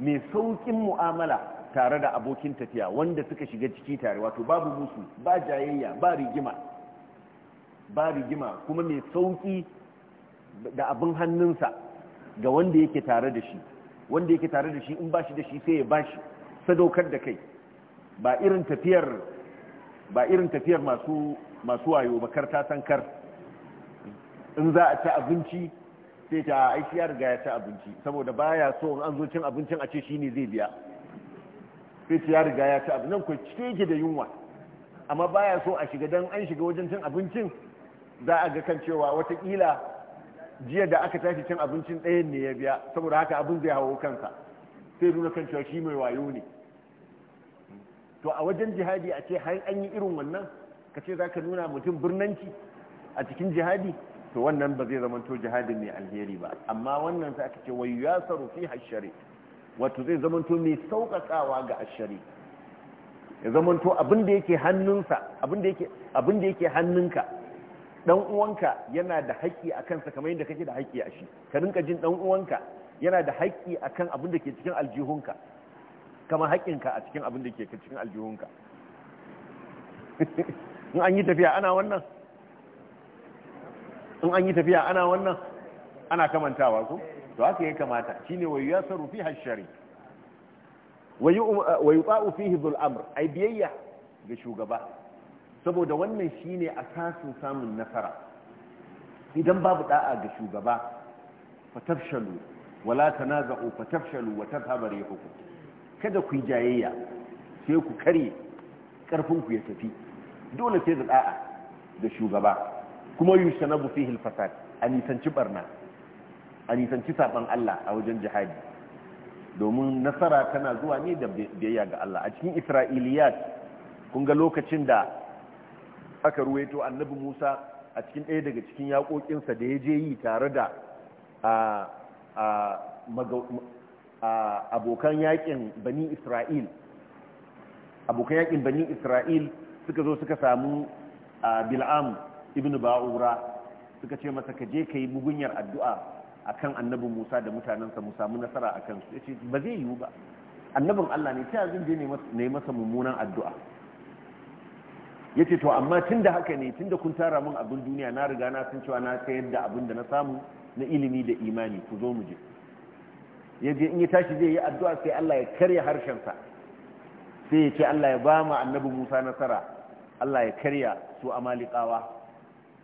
mai saukin mu'amala tare da abokin tafiya wanda suka shiga ciki tare wato babu musu ba jayayya ba rigima ba rigima kuma mai sauki da abin hannunsa ga wanda yake tare da shi wanda yake tare da shi in ba shi da shi sai ya ba shi sadaukar da kai ba irin tafiyar ba irin tafiyar masu masu wayo bakar ta sankar in za a ci abinci sai ta aiki ga riga ya ci abinci saboda baya so in an zo cin abincin a ce shi ne zai biya sai ya riga ya ci abu nan kai cike yake da yunwa amma baya so a shiga dan an shiga wajen cin abincin za a ga kan cewa watakila jiya da aka tashi cin abincin ɗayan ne ya biya saboda haka abin zai hawo kansa sai nuna kan cewa shi mai wayo ne to a wajen jihadi a ce har an yi irin wannan ka ce za ka nuna mutum birnanci a cikin jihadi to wannan ba zai zama to jihadin mai alheri ba amma wannan sai aka ce wayu ya fi hashari wato zai zamanto mai sauƙaƙawa ga ashari ya zamanto abin da yake hannunsa abin da yake hannunka ɗan uwanka yana da haƙƙi a kansa kamar yadda kake da haƙƙi a shi ka rinka jin dan uwanka yana da haƙƙi a kan abin da ke cikin aljihunka kamar haƙƙinka a cikin abin da ke cikin aljihunka in an yi tafiya ana wannan in an yi tafiya ana wannan ana kamantawa ko to haka ya kamata shine wa yasaru fi hashari wa yuqa'u fihi dhul amr ai biyayya ga shugaba saboda wannan shine asasin samun nasara idan babu da'a ga shugaba fatafshalu wala tanaza'u fatafshalu wa tadhhabu hukum kada ku jayayya sai ku kare karfin ku ya tafi dole sai da da'a da shugaba kuma yushanabu fihi al hilfasa a nisanci barna a nisanci saɓan Allah a wajen jihadi domin nasara tana zuwa ne da biyayya ga Allah a cikin isra'iliyat kun ga lokacin da aka ruwaito annabi musa a cikin ɗaya daga cikin yaƙoƙinsa da ya je yi tare da abokan yaƙin bani isra'il abokan yaƙin bani isra'il suka zo suka samu bil'am ibn ba'ura suka ce masa ka je ka yi mugunyar addu'a akan annabin Musa da sa mu samu nasara akan su yace ba zai yiwu ba annabin Allah ne ta zan je ne masa mummunan addu'a yace to amma tunda haka ne tunda kun tara mun abin duniya na riga na san cewa na ta yadda abin da na samu na ilimi da imani ku zo mu je yaje in ya tashi zai yi addu'a sai Allah ya karya harshen sa sai ya ce Allah ya ba mu annabi Musa nasara Allah ya karya su amalikawa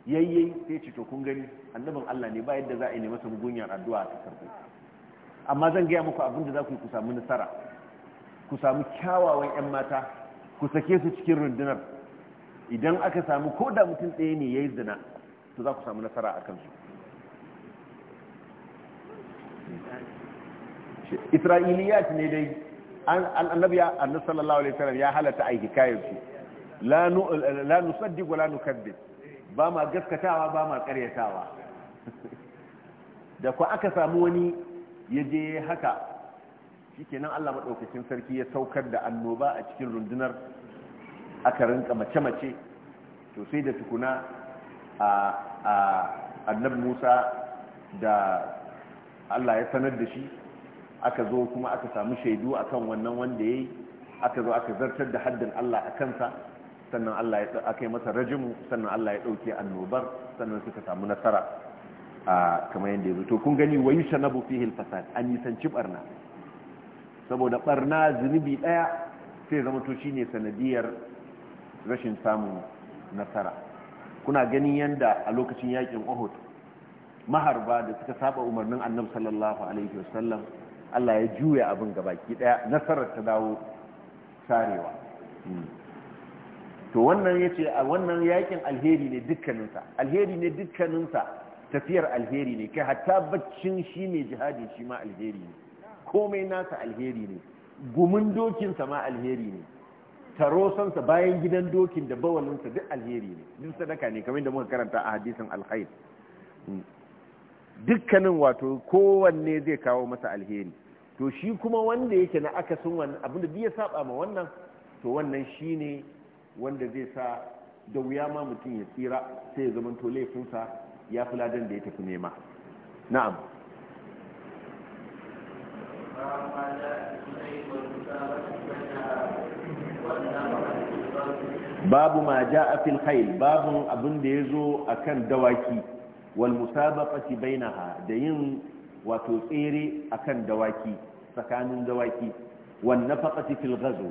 yayye sai ce to kun gani annabin Allah ne ba yadda za a yi masa mugunyar addu'a ta karbi amma zan gaya muku abin da za ku yi ku samu nasara ku samu kyawawan 'yan mata ku sake su cikin rundunar idan aka samu ko da mutum ɗaya ne ya yi zina to za ku samu nasara a kansu isra'iliyat ne dai annabi ya annabi sallallahu alaihi wasallam ya halatta a hikayar su la nusaddiq wa la nukaddib ba ma gaskatawa ba ma karyatawa da ku aka samu wani ya je haka shi kenan Allah maɗaukacin sarki ya saukar da annoba a cikin rundunar aka rinka mace-mace to sai da tukuna a annab Musa da Allah ya sanar da shi aka zo kuma aka samu shaidu akan wannan wanda ya yi aka zo aka zartar da haddin Allah a kansa sannan Allah ya aka yi masa rajimu sannan Allah ya dauke annobar sannan suka samu nasara a kamar yadda yazo to kun gani wayu shanabu fihi alfasad an nisanci barna saboda barna zunubi daya sai zama to shine sanadiyar rashin samun nasara kuna ganin yanda a lokacin yakin Uhud maharba da suka saba umarnin Annabi sallallahu alaihi wasallam Allah ya juya abin gabaki daya nasarar ta dawo sarewa hmm. to wannan ya ce a wannan yakin alheri ne dukkaninsa alheri ne dukkaninsa tafiyar alheri ne kai hatta baccin shi mai jihadi shi ma alheri ne komai nasa alheri ne gumin dokinsa ma alheri ne tarosansa bayan gidan dokin da bawalinsa duk alheri ne duk sadaka ne kamar da muka karanta a hadisin alkhair hmm. dukkanin wato kowanne zai kawo masa alheri to shi kuma wanda yake na akasin wannan abinda biya saba ma wannan to wannan shine wanda zai sa da wuya ma mutum ya tsira sai ya zama to laifinsa ya fi ladan da ya tafi nema na'am babu ma ja a fil khayl babu abin da ya zo a kan dawaki wal musabaqati bainaha da yin wato tsere a kan dawaki tsakanin dawaki wan nafaqati fil ghazw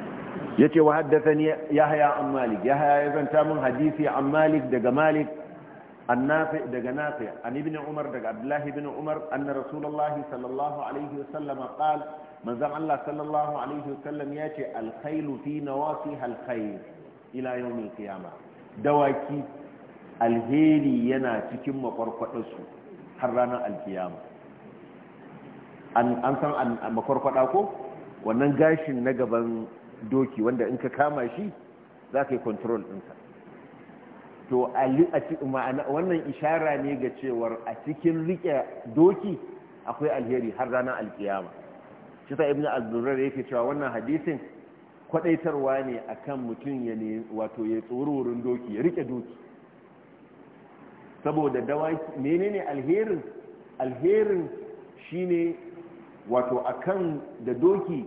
yace wa ya haya an malik yahya ya zanta min hadisi an malik daga malik annafi daga nafi an ibn umar daga abdullahi ibn umar anna rasulullahi sallallahu alaihi wasallam qala manzon Allah sallallahu alaihi wasallam yace al khaylu fi nawasiha al khayr ila yau mai kiyama dawaki alheri yana cikin makwarkwadarsu har ranar alkiyama an san makwarkwada ko wannan gashin na gaban doki wanda in ka kama shi za ka yi kontrol ɗinsa to wannan ishara ne ga cewar a cikin riƙe doki akwai alheri har ranar alkiyama shi ta ibn al-durar yake cewa wannan hadisin kwadaitarwa ne akan mutum ya ne wato ya tsoro doki ya riƙe doki saboda dawaki menene alherin alherin shine wato akan da doki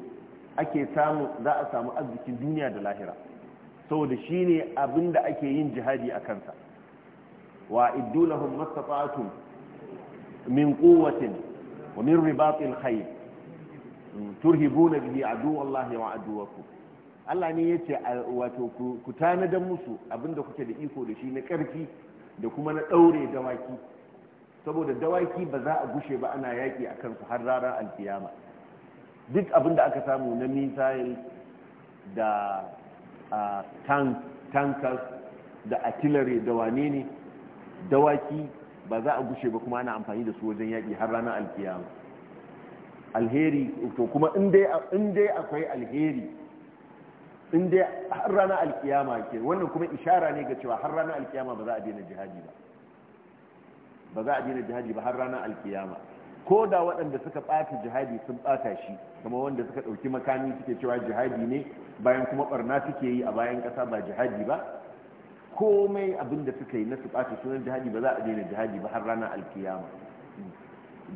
ake samu za a samu arzikin duniya da lahira saboda shi ne abin da ake yin jihadi a kansa wa iddunahun mastata'atum min kowacin wa min ribatil khayr mm, turhibuna bihi aduwallahi wa aduwakum Allah ne ya ce wato ku tanadan musu abinda kuke da iko da shi na ƙarfi da kuma na ɗaure dawaki saboda dawaki ba za a gushe ba ana yaƙi a kansu har ranar alfiyama duk abinda aka samu na misail da tankers da artillery da wane ne dawaki ba za a gushe ba kuma ana amfani da su wajen yaƙi har ranar alkiyama alheri to kuma in dai akwai alheri in dai har ranar alkiyama ke wannan kuma ishara ne ga cewa har ranar alkiyama ba za a daina jihadi ba ba za a daina jihadi ba har ranar alkiyama ko da waɗanda suka ɓata jihadi sun ɓata shi kuma wanda suka ɗauki makami suke cewa jihadi ne bayan kuma ɓarna suke yi a bayan ƙasa ba jihadi ba komai abin da suka yi na su ɓata sunan jihadi ba za a daina jihadi ba har rana alkiyama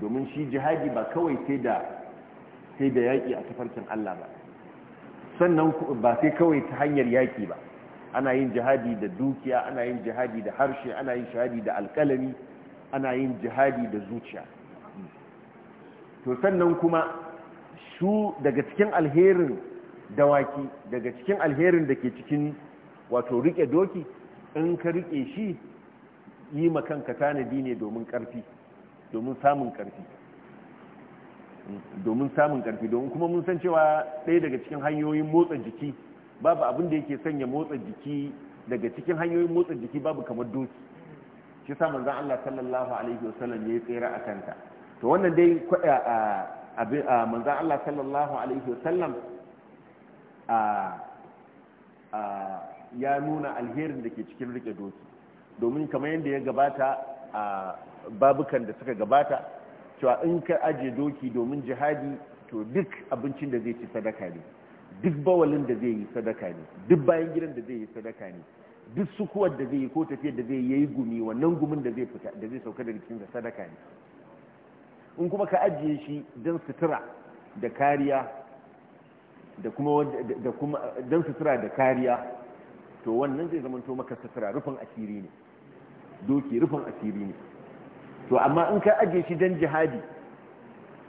domin shi jihadi ba kawai sai da yaƙi a tafarkin Allah ba sannan ba sai kawai ta hanyar yaƙi ba ana yin jihadi da dukiya ana yin jihadi da harshe ana yin jihadi da alƙalami ana yin jihadi da zuciya to sannan kuma su daga cikin alherin dawaki daga cikin alherin da ke cikin wato rike doki in ka rike shi yi makanka tanadi ne domin karfi domin samun karfi domin samun karfi domin kuma mun san cewa ɗaya daga cikin hanyoyin motsa jiki babu abin da yake sanya motsa jiki daga cikin hanyoyin motsa jiki babu kamar doki shi sa zan Allah sallallahu alaihi wasallam ya yi tsere a kanta to wannan dai a manzan Allah sallallahu alaihi wasallam ya nuna alherin da ke cikin rike doki domin kamar yadda ya gabata a babukan da suka gabata cewa in ka ajiye doki domin jihadi to duk abincin da zai ci sadaka ne duk bawalin da zai yi sadaka ne duk bayan gidan da zai yi sadaka ne duk sukuwar da zai yi ko tafiyar da zai yi gumi wannan gumin da zai sauka da cikin sadaka ne in kuma ka ajiye shi don sutura da kariya da kuma don sutura da kariya to wannan zai zama to maka sutura rufin asiri ne doki rufin asiri ne to amma in ka ajiye shi don jihadi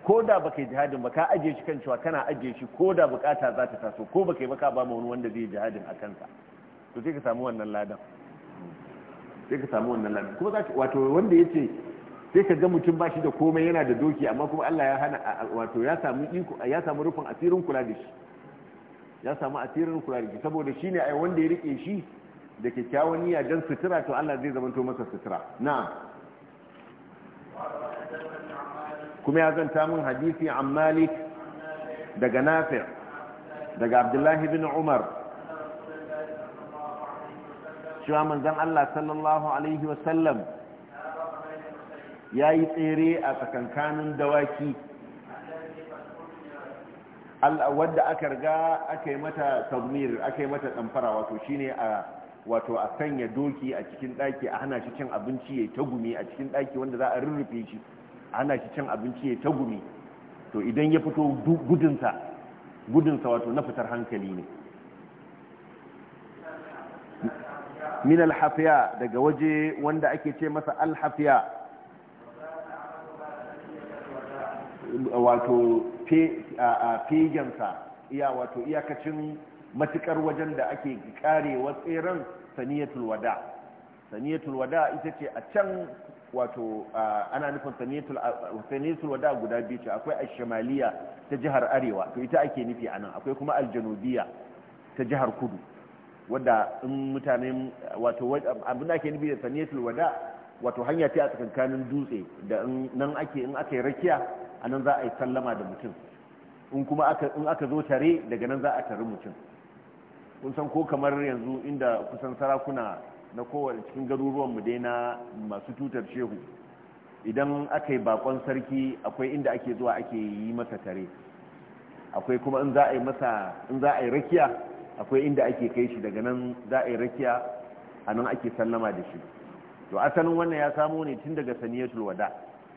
ko da ba yi jihadin ba ka ajiye shi kan cewa kana ajiye shi ko da bukata za ta taso ko ba kai ba ka ba ma wani wanda zai jihadin a kansa to sai ka samu wannan ladan sai ka samu wannan ladan kuma za wato wanda ya ce sai ka ga mutum ba shi da komai yana da doki amma kuma Allah ya hana wato ya samu iko ya samu rufin asirin kula da shi ya samu asirin kula da shi saboda shine ai wanda ya rike shi da kyakkyawan niyya dan sutura to Allah zai zamanto masa sutura na'am kuma ya zanta min hadisi an Malik daga Nafi' daga Abdullahi bin Umar cewa manzon Allah sallallahu alaihi wasallam ya yi tsere a tsakankanin dawaki wadda aka riga aka yi mata tabmir aka yi mata tsamfara wato shine a wato a sanya doki a cikin daki a hana shi cin abinci ya ta gumi a cikin daki wanda za a rurrufe shi a hana shi cin abinci ya ta gumi to idan ya fito gudunsa gudunsa wato na fitar hankali ne min alhafiya daga waje wanda ake ce masa alhafiya wato fegensa iya wato iyakacin matukar wajen da ake karewa tseren saniyatul wada saniyatul wada ita ce a can wato ana nufin saniyatul wada guda biyu ce akwai ashimaliya ta jihar arewa to ita ake nufi a nan akwai kuma aljanubiya ta jihar kudu wadda in mutane wato abin da ake nufi da saniyatul wada wato hanya ce a tsakankanin dutse da nan ake in aka yi rakiya a nan za a yi sallama da mutum in kuma in aka zo tare daga nan za a tare mutum kun san ko kamar yanzu inda kusan sarakuna na kowane cikin garuruwan mu dai na masu tutar shehu idan aka yi bakon sarki akwai inda ake zuwa ake yi masa tare akwai kuma in za a yi masa in za a yi rakiya akwai inda ake kai shi daga nan za a yi rakiya a nan ake sallama da shi to asalin wannan ya samu ne tun daga saniyatul wada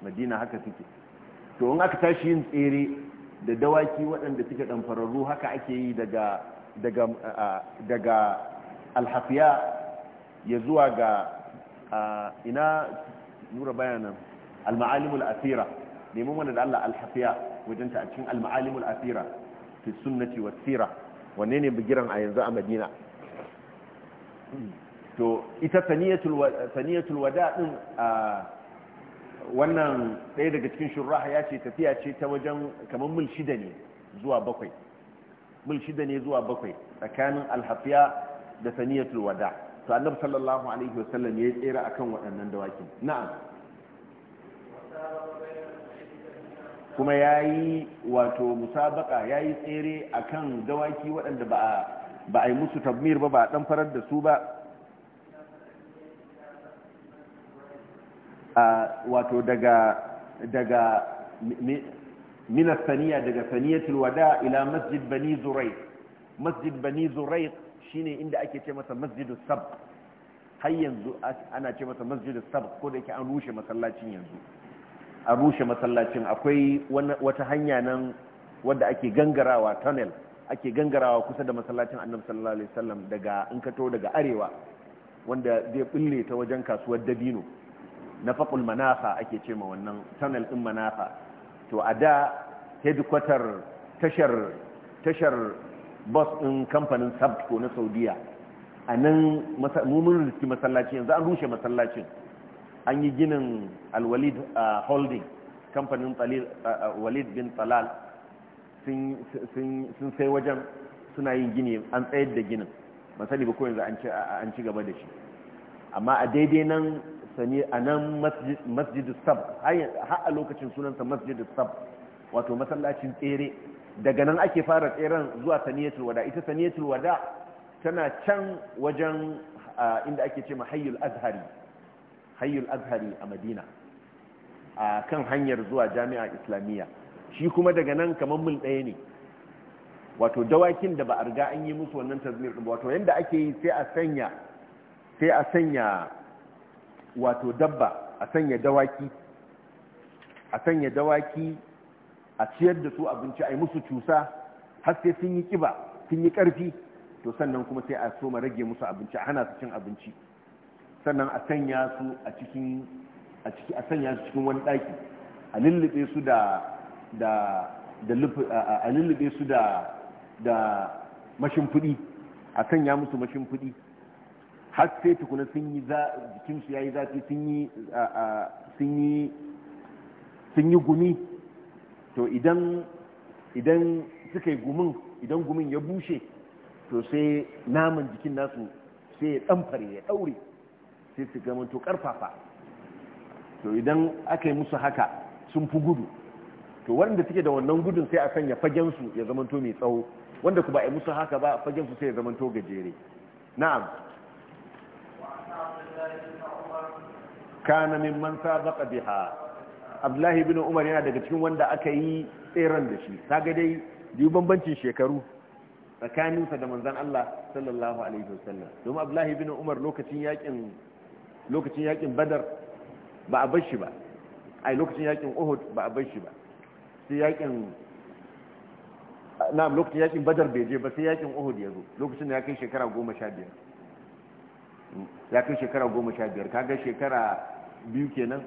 madina haka suke to in aka tashi yin tsere da dawaki waɗanda suke ɗanfararru haka ake yi daga alhafiya ya zuwa ga ina nura bayanan alma'alimul asira neman wanda da Allah alhafiya wajen ta a cikin alma'alimul asira fi sunnati wa sira wanne ne bigiran a yanzu a madina to ita saniyatul wada din a wannan ɗaya daga cikin shurraha ya ce tafiya ce ta wajen kamar mil shida ne zuwa bakwai mil shida ne zuwa bakwai tsakanin alhafiya da taniyatul wada to annabi sallallahu alaihi wasallam ya yi tsere akan waɗannan dawakin na'am kuma ya yi wato musabaka ya yi tsere a kan dawaki waɗanda ba a yi musu tabmir ba ba a ɗan farar da su ba wato daga daga minas saniya daga saniyatul wada ila masjid bani zuraiq masjid bani shine inda ake ce masa masjidus sab har yanzu ana ce masa masjidus sab ko da yake an rushe masallacin yanzu a rushe masallacin akwai wata hanya nan wadda ake gangarawa tunnel ake gangarawa kusa da masallacin annabi sallallahu alaihi wasallam daga in ka to daga arewa wanda zai bulle ta wajen kasuwar dabino na faƙul manafa ake ce ma wannan tunnel ɗin manafa to a da headquarter tashar tashar bus ɗin kamfanin sabko na saudiya a nan mummun riski masallaci yanzu an rushe masallacin an yi ginin alwalid holding kamfanin walid bin talal sun sai wajen suna yin gini an tsayar da ginin masali ba yanzu an ci gaba da shi amma a daidai nan sani a nan masjidu sab har a lokacin sunansa masjidu sab wato masallacin tsere daga nan ake fara tseren zuwa saniyatul wada ita saniyatul wada tana can wajen inda ake ce hayyul azhari hayyul azhari a madina a kan hanyar zuwa jami'a islamiyya shi kuma daga nan kamar mil ɗaya ne wato dawakin da ba a riga an yi musu wannan tazmir wato yadda ake yi sai a sanya wato dabba a sanya dawaki a sanya dawaki a ciyar da su abinci a yi musu cusa har sai sun yi kiba sun yi karfi to sannan kuma sai a so ma rage musu abinci a hana su cin abinci sannan a sanya su a cikin a ciki a sanya su cikin wani daki a lullube su da da da a lullube su da da fudi a sanya musu mashin fudi har sai tukuna sun yi jikinsu ya yi zafi sun yi gumi to idan idan suka yi gumin idan gumin ya bushe to sai naman jikin nasu sai ya ɗamfare ya ɗaure sai su gama to ƙarfafa to idan aka yi musu haka sun fi gudu to wanda suke da wannan gudun sai a sanya fagensu ya zamanto mai tsawo wanda ku ba a yi musu haka ba fagensu sai ya zamanto gajere na'am kana min man sabaqa biha abdullahi ibn umar yana daga cikin wanda aka yi tseren da shi kaga dai biyu bambancin shekaru tsakanin sa da manzon Allah sallallahu alaihi wasallam don abdullahi ibn umar lokacin yakin lokacin yakin badar ba a bar shi ba ai lokacin yakin uhud ba a bar shi ba sai yakin na'am lokacin yakin badar bai je ba sai yakin uhud ya zo lokacin da ya kai shekara goma ya kai shekara goma sha biyar kaga shekara biyu kenan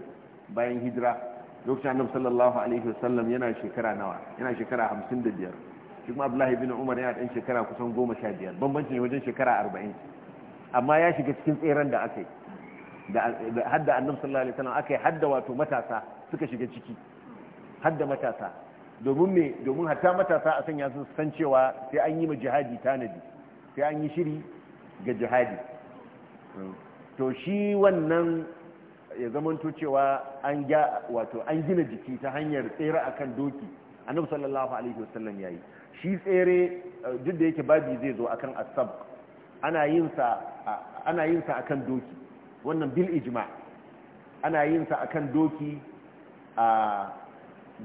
bayan hijira lokacin annabi sallallahu alaihi wasallam yana shekara nawa yana shekara hamsin da biyar shi kuma abdullahi bin umar yana dan shekara kusan goma sha biyar ne wajen shekara arba'in amma ya shiga cikin tseren da aka yi da hadda annabi sallallahu alaihi wasallam aka yi hadda wato matasa suka shiga ciki hadda matasa domin me domin hatta matasa a sanya su san cewa sai an yi ma jihadi tanadi sai an yi shiri ga jihadi to shi wannan ya zamanto cewa an ga wato an gina jiki ta hanyar tsere akan doki annabi sallallahu alaihi wasallam yayi shi tsere eh, duk da yake babu zai zo akan asab ana yin sa ana yin sa akan doki wannan bil ijma ana yin sa akan doki a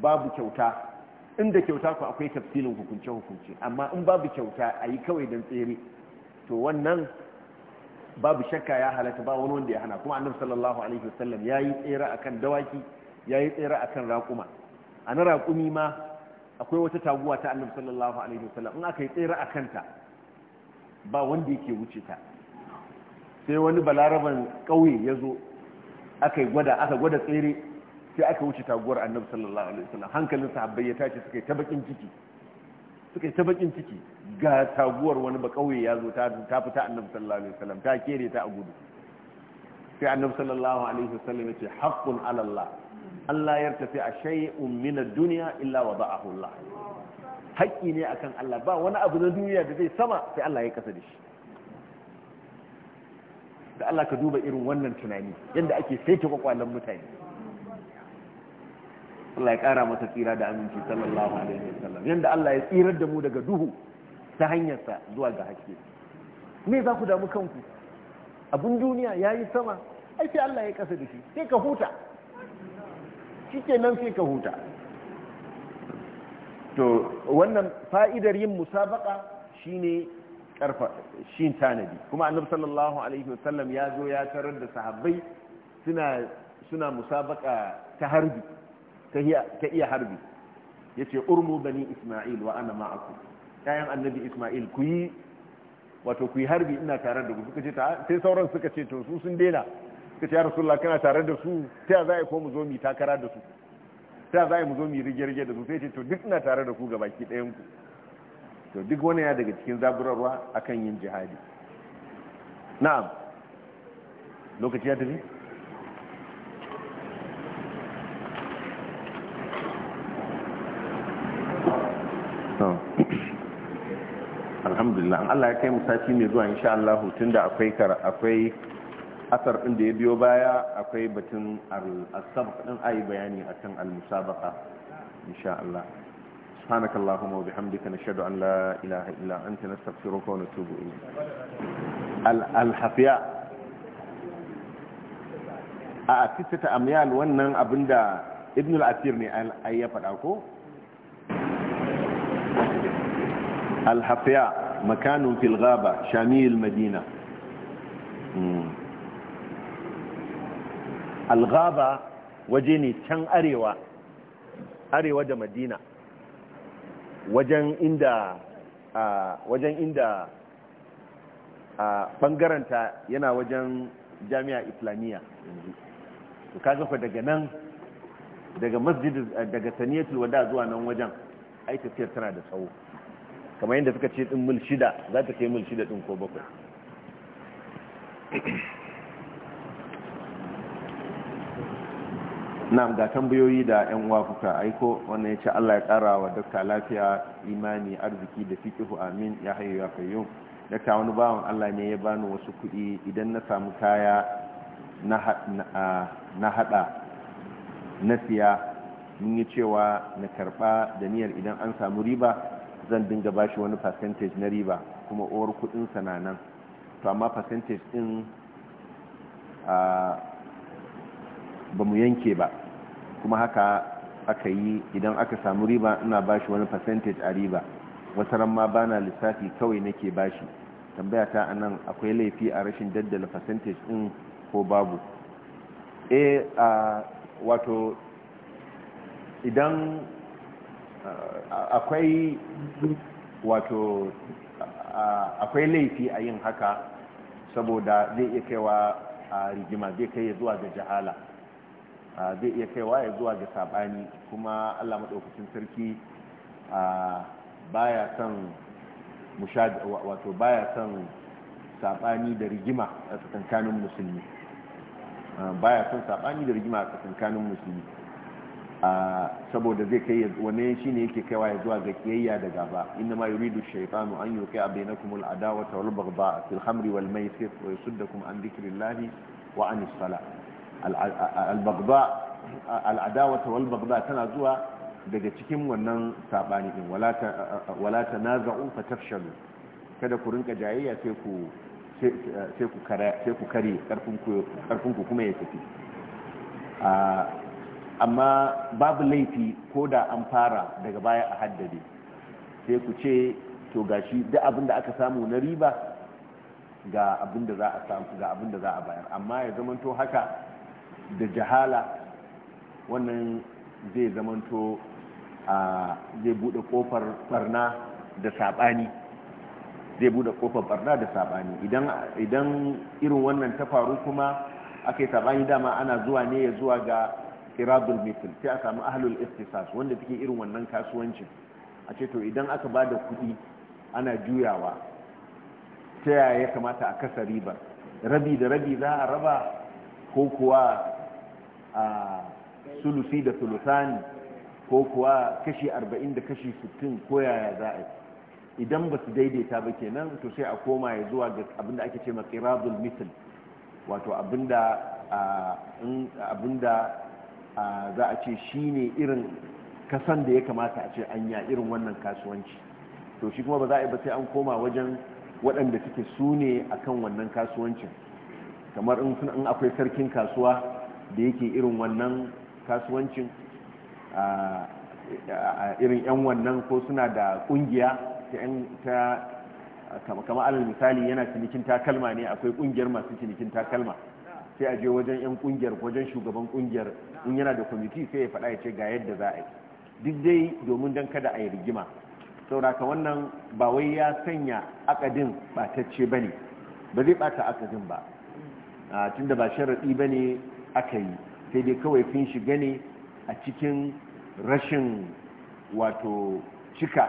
babu kyauta inda kyauta ku akwai tafsilin hukunce hukunce amma in babu kyauta ayi kawai dan tsere to wannan babu shakka ya halatta ba wani wanda ya hana kuma annabi sallallahu alaihi wasallam yayi tsere akan dawaki yayi tsere akan raƙuma a na ma akwai wata taguwa ta annabi sallallahu alaihi wasallam in aka yi tsere akan ta ba wanda yake wuce ta sai wani balaraban ƙauye ya zo aka gwada aka gwada tsere sai aka wuce taguwar annabi sallallahu alaihi wasallam hankalin sahabbai ya tashi suka yi ta bakin ciki suka yi ta bakin ciki ga taguwar wani ba kauye ya zo ta fita annabi sallallahu alaihi wasallam ta kere ta a gudu sai annabi sallallahu alaihi wasallam yace haqqun ala Allah Allah ya tafi a shay'un min ad-dunya illa wada'ahu Allah haƙƙi ne akan Allah ba wani abu na duniya da zai sama sai Allah ya kasa da shi da Allah ka duba irin wannan tunani yadda ake saita kwakwalen mutane Allah ya kara masa tsira da aminci sallallahu alaihi wasallam yanda Allah ya tsirar da mu daga duhu ta hanyarsa zuwa ga haske me za ku damu kanku abun duniya yayi sama ai sai Allah ya kasa da shi sai ka huta nan sai ka huta to wannan fa'idar yin musabaka shine karfa shi tanadi kuma annabi sallallahu alaihi wasallam ya zo ya tarar da sahabbai suna suna musabaka ta harbi ta iya harbi ya ce urmu bani isma'il wa ana ma'aku kayan annabi isma'il ku yi wato ku yi harbi ina tare da ku suka ce sai sauran suka ce to su sun daina suka ce ya rasulullah kana tare da su ta za a ko mu zo mu takara da su ta za a mu zo mu rige-rige da su sai ce to duk ina tare da ku ga baki ɗayan ku to duk wani ya daga cikin zaburarwa akan yin jihadi na'am lokaci ya tafi sunna an Allah ya kai mu sati mai zuwa insha Allah tunda akwai akwai asar din da ya biyo baya akwai batun al-sabq din ayi bayani akan al-musabaqa insha Allah سبحانك اللهم وبحمدك نشهد أن لا hafiya a أنت نستغفرك ونتوب إليك الحفياء abinda أميال al أبندا ne الأثير fada ko. Al-Hafiya. مكان في الغابة شامي المدينة الغابة ne تن أريوة أريوة دا مدينة وجن إندا وجن yana wajen jami'a islamiyya to kaga ku daga nan daga masjid daga saniyatul wada zuwa nan wajen ai tafiyar tana da tsawo kamar yadda suka ce din mil shida za ta kai mil shida din ko bakwai na'am ga tambayoyi da yan uwa kuka aiko ya ce Allah ya kara wa dakta lafiya imani arziki da fikihu amin ya hayyu ya qayyum dakta wani bawan Allah ne ya bani wasu kuɗi idan na samu kaya na hada na siya mun yi cewa na karɓa da niyyar idan an samu riba zan dinga bashi wani percentage na riba kuma uwar kudin na nan to amma percentage din ba mu yanke ba kuma haka aka yi idan aka samu riba ina bashi wani percentage a riba wata ranma ba na lissafi kawai nake bashi tambaya ta a akwai laifi a rashin daddala percentage din ko babu eh wato idan akwai wato akwai laifi a yin haka saboda zai iya kaiwa a rigima zai kai ya zuwa ga jahala zai iya kaiwa ya zuwa ga sabani kuma allah maɗaukacin sarki baya son wato baya son sabani da rigima a tsakankanin musulmi baya son sabani da rigima a tsakankanin musulmi saboda zai kai shi ne yake kaiwa ya zuwa ga kiyayya da gaba inna ma yuridu shaytanu an yuqi'a bainakum al-adawata wal baghdha fil khamri wal maisir wa yasuddakum an dhikrillahi wa an as-salah al al tana zuwa daga cikin wannan sabani din wala wala tanaza'u fatafshalu kada ku rinka jayayya sai ku sai kare karfin ku kuma ya tafi amma babu laifi ko da an fara daga baya a haddade sai ku ce to gashi duk abin da aka samu na riba ga abin da za a samu ga abin da za a bayar amma ya zamanto haka da jahala wannan zai zamanto a zai bude kofar barna da sabani zai bude kofar barna da sabani idan idan irin wannan ta kuma akai sabani dama ana zuwa ne ya zuwa ga iradul mithl sai a samu ahlul istisas wanda take irin wannan kasuwancin a ce to idan aka ba da kuɗi ana juyawa ta yaya ya kamata a kasa riba rabi da rabi za a raba ko kuwa a sulusi da sulusani ko kuwa kashi 40 da kashi 60 ko yaya za a yi idan ba su daidaita ba kenan to sai a koma ya zuwa ga abinda ake ce qiradul mithl wato abinda abinda za a ce shi ne irin kasan da ya kamata a ce an ya irin wannan kasuwanci to shi kuma ba za a yi ba sai an koma wajen waɗanda suke su ne a kan wannan kasuwancin kamar in akwai sarkin kasuwa da yake irin wannan kasuwancin a irin 'yan wannan ko suna da ƙungiya ta kama alal misali yana cinikin takalma ne akwai ƙungiyar masu cinikin takalma sai a je wajen 'yan ƙungiyar wajen shugaban ƙungiyar in yana da kwamiti sai ya faɗa ya ce ga yadda za a yi duk dai domin don kada a yi rigima sauraka wannan ba wai ya sanya akadin ɓatacce ba ne ba zai ɓata akadin ba tun da ba sharaɗi ba ne aka yi sai dai kawai fin shiga ne a cikin rashin wato cika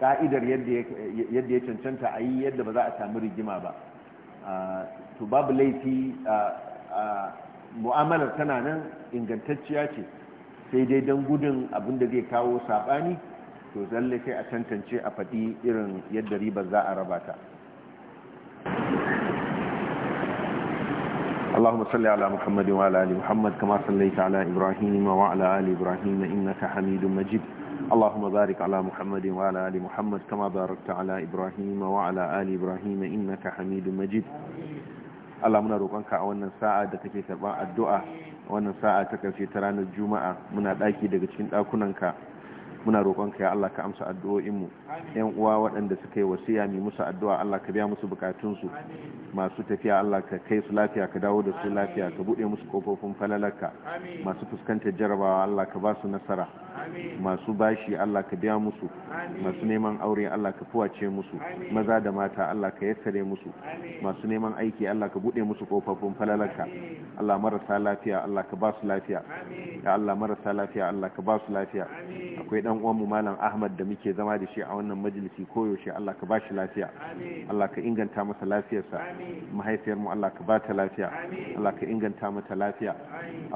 ƙa'idar yadda ya cancanta a yi yadda ba za a samu rigima ba to babu laifi mu'amalar tana nan ingantacciya ce sai dai don gudun abin da zai kawo saɓani to zalle sai a tantance a faɗi irin yadda ribar za a raba ta اللهم صل على محمد وعلى ال محمد كما صليت على ابراهيم وعلى ال ابراهيم انك حميد مجيد اللهم بارك على محمد وعلى ال محمد كما باركت على ابراهيم وعلى ال ابراهيم انك حميد مجيد Allah muna roƙonka a wannan sa'a da kake karɓar addu'a wannan sa'a ta ƙarshe ta ranar juma'a muna ɗaki daga cikin ɗakunanka muna roƙonka ya Allah ka amsa addu'o'inmu yan uwa waɗanda suka yi wasiya mai musu addu'a Allah ka biya musu bukatunsu masu tafiya Allah ka kai su lafiya ka dawo da su lafiya ka buɗe musu kofofin falalarka masu fuskantar jarabawa Allah ka ba su nasara masu bashi Allah ka biya musu masu neman aure Allah ka fuwace musu maza da mata Allah ka yassare musu masu neman aiki Allah ka buɗe musu kofofin falalarka Allah marasa lafiya Allah ka ba su lafiya ya Allah marasa lafiya Allah ka ba su lafiya akwai dan dan uwanmu malam Ahmad da muke zama da shi a wannan majalisi koyaushe Allah ka shi lafiya Allah ka inganta masa lafiyarsa mahaifiyar Allah ka ba ta lafiya Allah ka inganta mata lafiya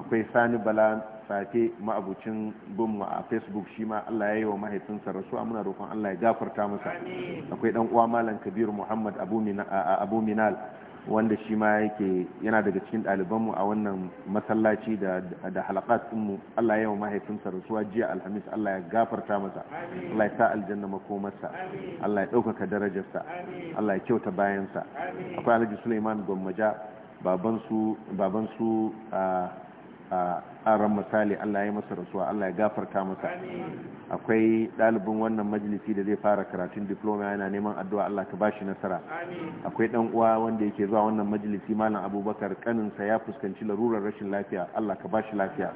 akwai Sani Bala safe ma'abucin binmu a Facebook shi ma Allah ya yi wa mahaifinsa a muna roƙon Allah ya gafarta masa akwai dan uwa malam kabiru Muhammad Abu Minal wanda shi ma yake yana daga cikin ɗalibanmu a wannan masallaci da halakat mu Allah ya yi wa mahaifinsa rasuwa jiya alhamis Allah ya gafarta masa Allah ya sa aljanna makomarsa Allah ya ɗaukaka darajarsa Allah ya kyauta bayansa akwai alhaji suleiman gwammaja babansu babansu a ah, ah, aran misali Allah ya masa rasuwa Allah ya gafarta masa akwai dalibin wannan majalisi da zai fara karatun diploma yana neman addu'a Allah ka bashi nasara akwai dan uwa wanda yake zuwa wannan majalisi malam abubakar kanin sa ya fuskanci larurar rashin lafiya Allah ka bashi lafiya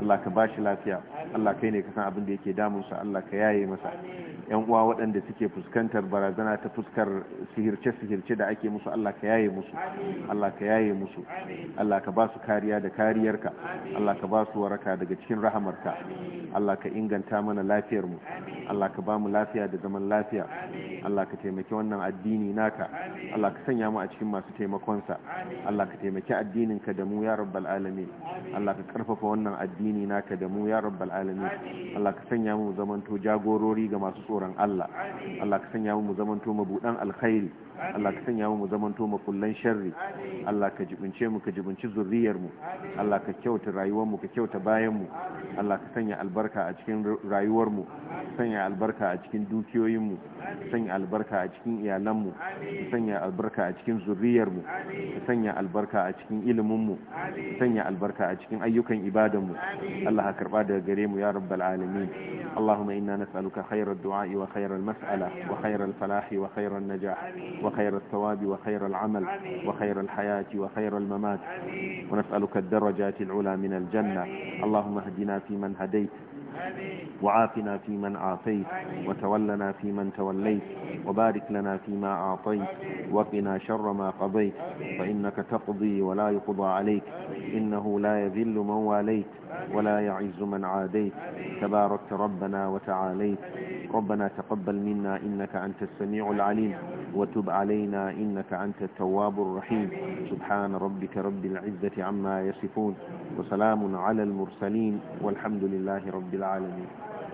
Allah ka bashi lafiya Allah kai ne ka san abin da yake sa Allah ka yaye masa yan uwa waɗanda suke fuskantar barazana ta fuskar sihirce-sihirce da ake musu Allah ka yaye musu Allah ka yaye musu Allah ka ba su kariya da kariyarka Allah ka ba su waraka daga cikin rahamarka Allah ka inganta mana lafiyar mu Allah ka ba mu lafiya da zaman lafiya Allah ka taimaki wannan addini naka Allah ka sanya mu a cikin masu taimakonsa Allah ka taimaki addinin ka da mu ya rabbal alamin Allah ka karfafa wannan addini naka da mu ya rabbal alamin Allah ka sanya mu to jagorori ga masu tsoron Allah Allah ka sanya mu to mabudan alkhairi Allah ka sanya mu zamanto makullan sharri Allah ka jibince mu ka jibinci zurriyar mu Allah ka kyauta rayuwar mu ka kyauta bayan mu Allah ka sanya albarka a cikin rayuwar mu sanya albarka a cikin dukiyoyin mu sanya albarka a cikin iyalan mu sanya albarka a cikin zuriyar mu sanya albarka a cikin ilimin mu sanya albarka a cikin ayyukan ibadan mu Allah ka karba daga gare mu ya rabbal alamin Allahumma inna nas'aluka khayra ad-du'a wa khayra al-mas'ala wa khayra al-falah wa khayra an-najah wa khayra thawab wa khayra amal wa khayra hayat wa khayra mamat ونسألك الدرجات العلى من الجنة الجنة اللهم اهدنا فيمن هديت وعافنا فيمن عافيت وتولنا فيمن توليت وبارك لنا فيما أعطيت وقنا شر ما قضيت فإنك تقضي ولا يقضى عليك إنه لا يذل من واليت ولا يعز من عاديت تباركت ربنا وتعاليت ربنا تقبل منا إنك أنت السميع العليم وتب علينا إنك أنت التواب الرحيم سبحان ربك رب العزة عما يصفون وسلام على المرسلين والحمد لله رب العالمين